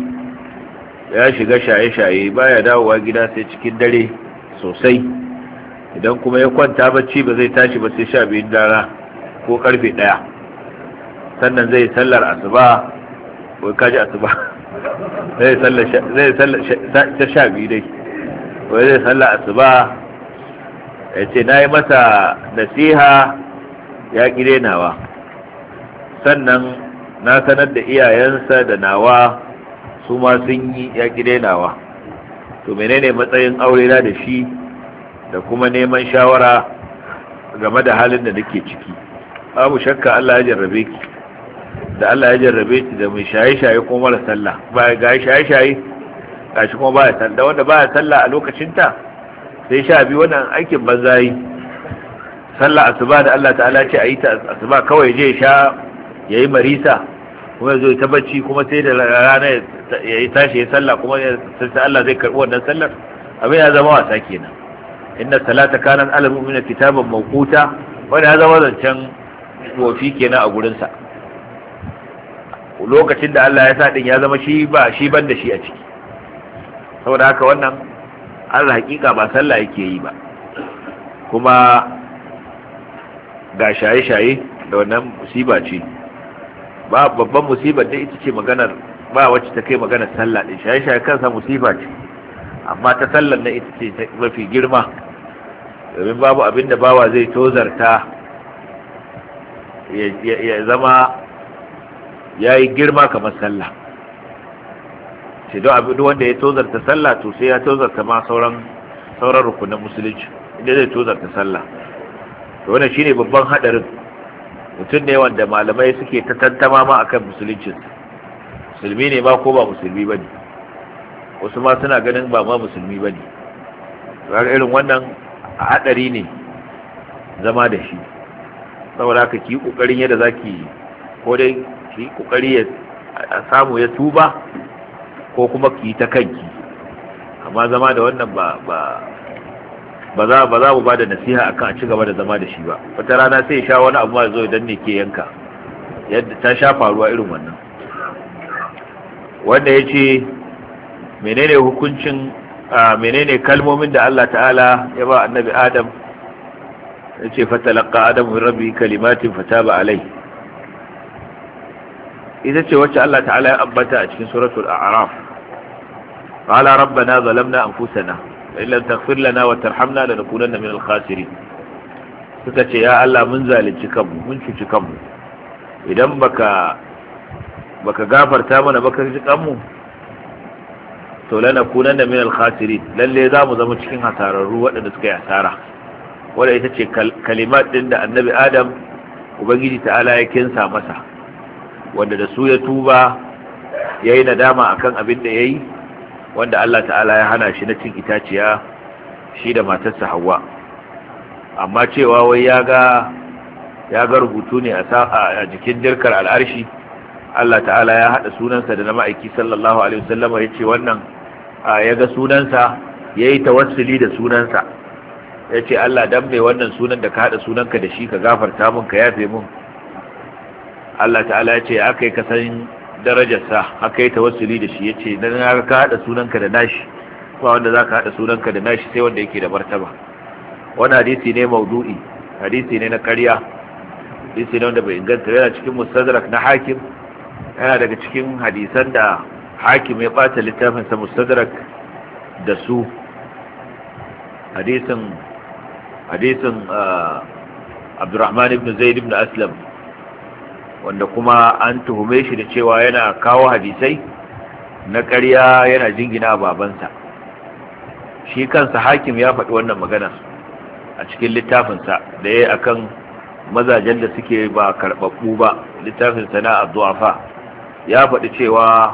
ya shiga shaye-shaye baya dawowa gida sai cikin dare sosai idan kuma ya kwanta bacci ba zai tashi ba sai sha biyun dara ko karfe daya sannan zai sallar asuba ko kaji asuba zai sallar sha biyu dai wai zai sallar asuba ya ce na yi masa nasiha ya gire nawa sannan na sanar da iyayensa da nawa su ma sun yi ya ki dainawa to menene matsayin aure na da shi da kuma neman shawara game da halin da nake ciki babu shakka Allah ya jarrabe ki da Allah ya jarrabe ki da mai shaye-shaye ko mara sallah ba ga shaye-shaye ga shi kuma ba ya sallah wanda ba ya sallah a lokacin ta sai sha biyu wannan aikin banza yi sallah asuba da Allah ta'ala ce a yi ta asuba kawai je sha yayi marisa kuma zo ta bacci kuma sai da rana ya yi tashi ya sallah kuma sai Allah zai karɓi wannan sallar abin ya zama wasa kenan inna salata kanan ala mu'mina kitaban mawquta wanda ya zama zancen wofi kenan a gurin sa lokacin da Allah ya sa din ya zama shi ba shi ban da shi a ciki saboda haka wannan Allah hakika ba sallah yake yi ba kuma ga shaye-shaye da wannan musiba ce ba babban musibar da ita ce maganar ba wacce ta kai magana sallah din shaye-shaye kansa musifa ce amma ta sallar na ita ce mafi girma domin babu abin da bawa zai tozarta ya zama ya yi girma kamar sallah ce don abin wanda ya tozarta sallah to sai ya tozarta ma sauran sauran rukunan musulunci inda zai tozarta sallah to wannan shine babban hadarin mutum ne wanda malamai suke ta tantama ma akan musuluncinsa musulmi ne ba ko ba musulmi ba ne wasu ma suna ganin ba ma musulmi ba ne irin wannan a haɗari ne zama da shi saboda haka ki yi ƙoƙarin yadda za ki ko dai ki yi ƙoƙari ya samu ya tuba ko kuma ki yi ta kanki amma zama da wannan ba ba za ba za mu ba da nasiha akan a ci gaba da zama da shi ba wata rana sai ya sha wani abu ma zo idan ne ke yanka yadda ta sha faruwa irin wannan wanda ya ce menene hukuncin menene kalmomin da Allah ta'ala ya ba annabi adam ya ce fatalaka adam rabbi kalimatin fataba alai ita ce wacce Allah ta'ala ya ambata a cikin suratul a'raf qala rabbana zalamna anfusana wa na taghfir lana wa tarhamna lanakunanna minal khasirin suka ce ya Allah mun zalunci kanmu mun cuci kanmu idan baka baka gafarta mana baka ji kanmu to lana kunan da min al khasiri lalle za mu zama cikin hasararru waɗanda suka yi hasara wadda ita ce kalimat ɗin da annabi adam ubangiji ta'ala ya kinsa masa wanda da su ya tuba ya yi nadama akan abin da ya yi wanda allah ta'ala ya hana shi na cin itaciya shi da matarsa hawa amma cewa wai ya ga rubutu ne a jikin jirkar al'arshi Allah ta'ala ya haɗa sunansa da na ma'aiki sallallahu alaihi wasallama ya ce wannan ya ga sunansa ya yi tawassuli da sunansa ya ce Allah dan mai wannan sunan da ka haɗa sunanka da shi ka gafarta mun ka yafe mun Allah ta'ala ya ce aka yi kasan darajarsa aka yi tawassuli da shi ya ce dan ka haɗa sunanka da nashi ba wanda za ka haɗa sunanka da nashi sai wanda yake da martaba wani hadisi ne maudu'i hadisi ne na ƙarya hadisi ne wanda bai inganta yana cikin mustadrak na hakim yana daga cikin hadisan da hakim ya bata littafinsa mustadrak da su hadisin hadisin ah, abdurrahman ibn zaid ibn aslam wanda kuma an tuhume shi da cewa yana kawo hadisai na ƙarya yana jingina babansa shi kansa hakim ya faɗi wannan magana a cikin littafinsa da ya akan mazajen da suke ba karɓaɓɓu ba littafinsa na abdu'afa ya faɗi cewa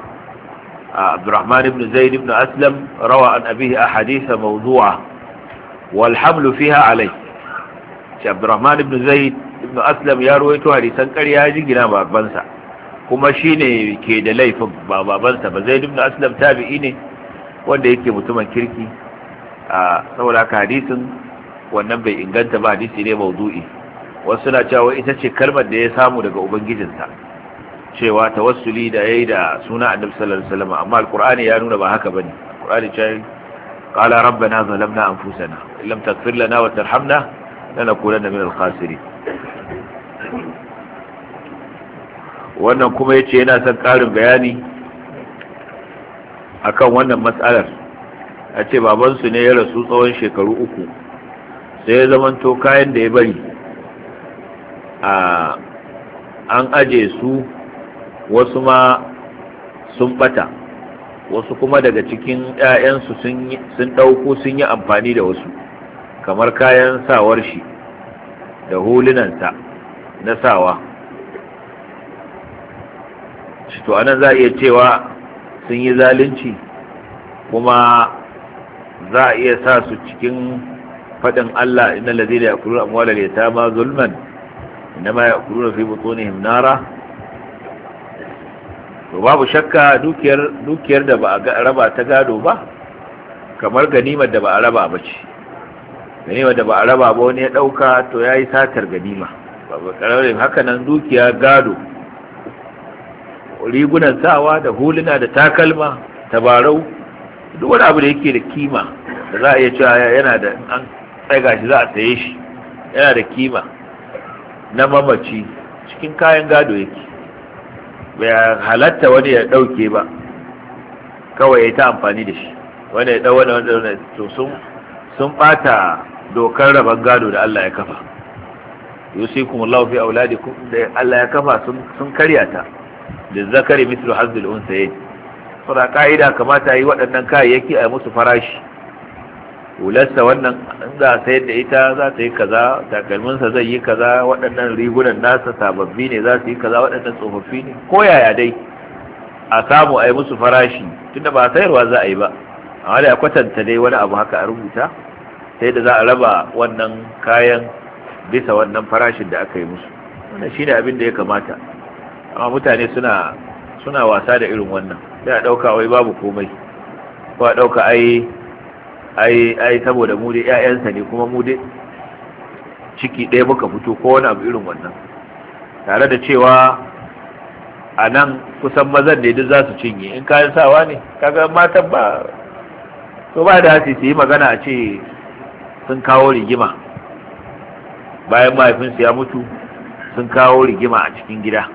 abdurrahman ibn zaid ibn aslam rawa an abihi ahaditha mawdu'a wal hamlu fiha alai shi abdurrahman ibn zaid ibn aslam ya ruwaito hadisan ƙarya ya jingina babansa kuma shi ne ke da laifin babansa ba zaid ibn aslam tabi'i ne wanda yake mutumin kirki a saboda haka hadisin wannan bai inganta ba hadisi ne mawdu'i wasu na cewa ita ce kalmar da ya samu daga ubangijinsa cewa tawassuli da yayi da suna annabi sallallahu alaihi wasallam amma alqur'ani ya nuna ba haka bane alqur'ani ce qala rabbana zalamna anfusana illam taghfir lana wa tarhamna lanakunanna minal khasirin wannan kuma yace yana son karin bayani akan wannan matsalar a ce babansu ne ya rasu tsawon shekaru uku sai ya zamanto kayan da ya bari a an aje su wasu ma sun bata wasu kuma daga cikin 'ya'yansu sun ɗauko sun yi amfani da wasu kamar kayan sawar shi da hulunanta na sawa to anan za a iya cewa sun yi zalunci kuma za a iya sa su cikin faɗin Allah inna lazina yakuluna amwalal yatama zulman inma yakuluna fi butunihim nara to babu shakka dukiyar dukiyar da ba a raba ta gado ba kamar ganimar da ba a raba ba ce ganimar da ba a raba ba wani ya ɗauka to ya yi satar ganima babu ƙararrin haka nan dukiya gado rigunan sawa da huluna da takalma tabarau duk wani abu da yake da kima da za a iya cewa yana da an tsaga shi za a saye shi yana da kima na mamaci cikin kayan gado yake bai halatta wani ya ɗauke ba kawai ya ta amfani da shi wani ya ɗau wani wani to sun ɓata dokar rabon gado da Allah ya kafa kuma laufi a wuladi da Allah ya kafa sun karya ta da zakari mislu hazzul yi saboda ka'ida kamata yi waɗannan kayayyaki a musu farashi hularsa wannan za a sayar da ita za ta yi kaza takalminsa zai yi kaza waɗannan rigunan nasa sababbi ne za su yi kaza waɗannan tsofaffi ne ko yaya dai a samu a yi musu farashi tunda ba sayarwa za a yi ba amma da ya kwatanta dai wani abu haka a rubuta sai da za a raba wannan kayan bisa wannan farashin da aka yi musu wannan shine abin da ya kamata amma mutane suna suna wasa da irin wannan sai a ɗauka wai babu komai ko a ɗauka ai ai saboda mu dai ƴaƴansa ne kuma mu dai ciki ɗaya muka fito ko wani abu irin wannan tare da cewa a nan kusan mazan ne duk za su cinye in kayan sawa ne kaga matan ba to ba da hasi su yi magana a ce sun kawo rigima bayan mahaifinsu ya mutu sun kawo rigima a cikin gida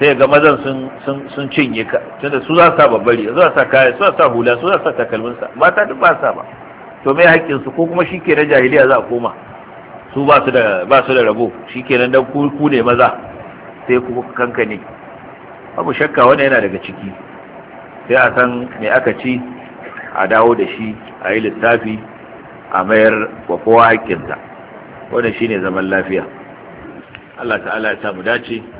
sai ga mazan sun cinye ka tunda su za sa babbari su za sa kaya su za sa hula su za sa takalmin sa mata duk ba sa ba to mai haƙƙin su ko kuma shike na jahiliya za a koma su ba su da ba su da rabo shikenan dan ku ne maza sai ku kanka ne abu shakka wannan yana daga ciki sai a san me aka ci a dawo da shi a yi lissafi a mayar wa kowa haƙƙinsa wannan shine zaman lafiya Allah ta'ala ya samu dace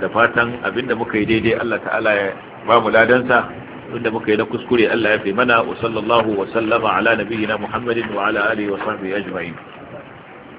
da fatan abinda muka yi daidai Allah ta'ala ya ba mu ladansa inda muka yi na kuskure Allah ya fi mana wa sallallahu wa sallama ala nabiyyina Muhammadin wa ala alihi wa sahbihi ajma'in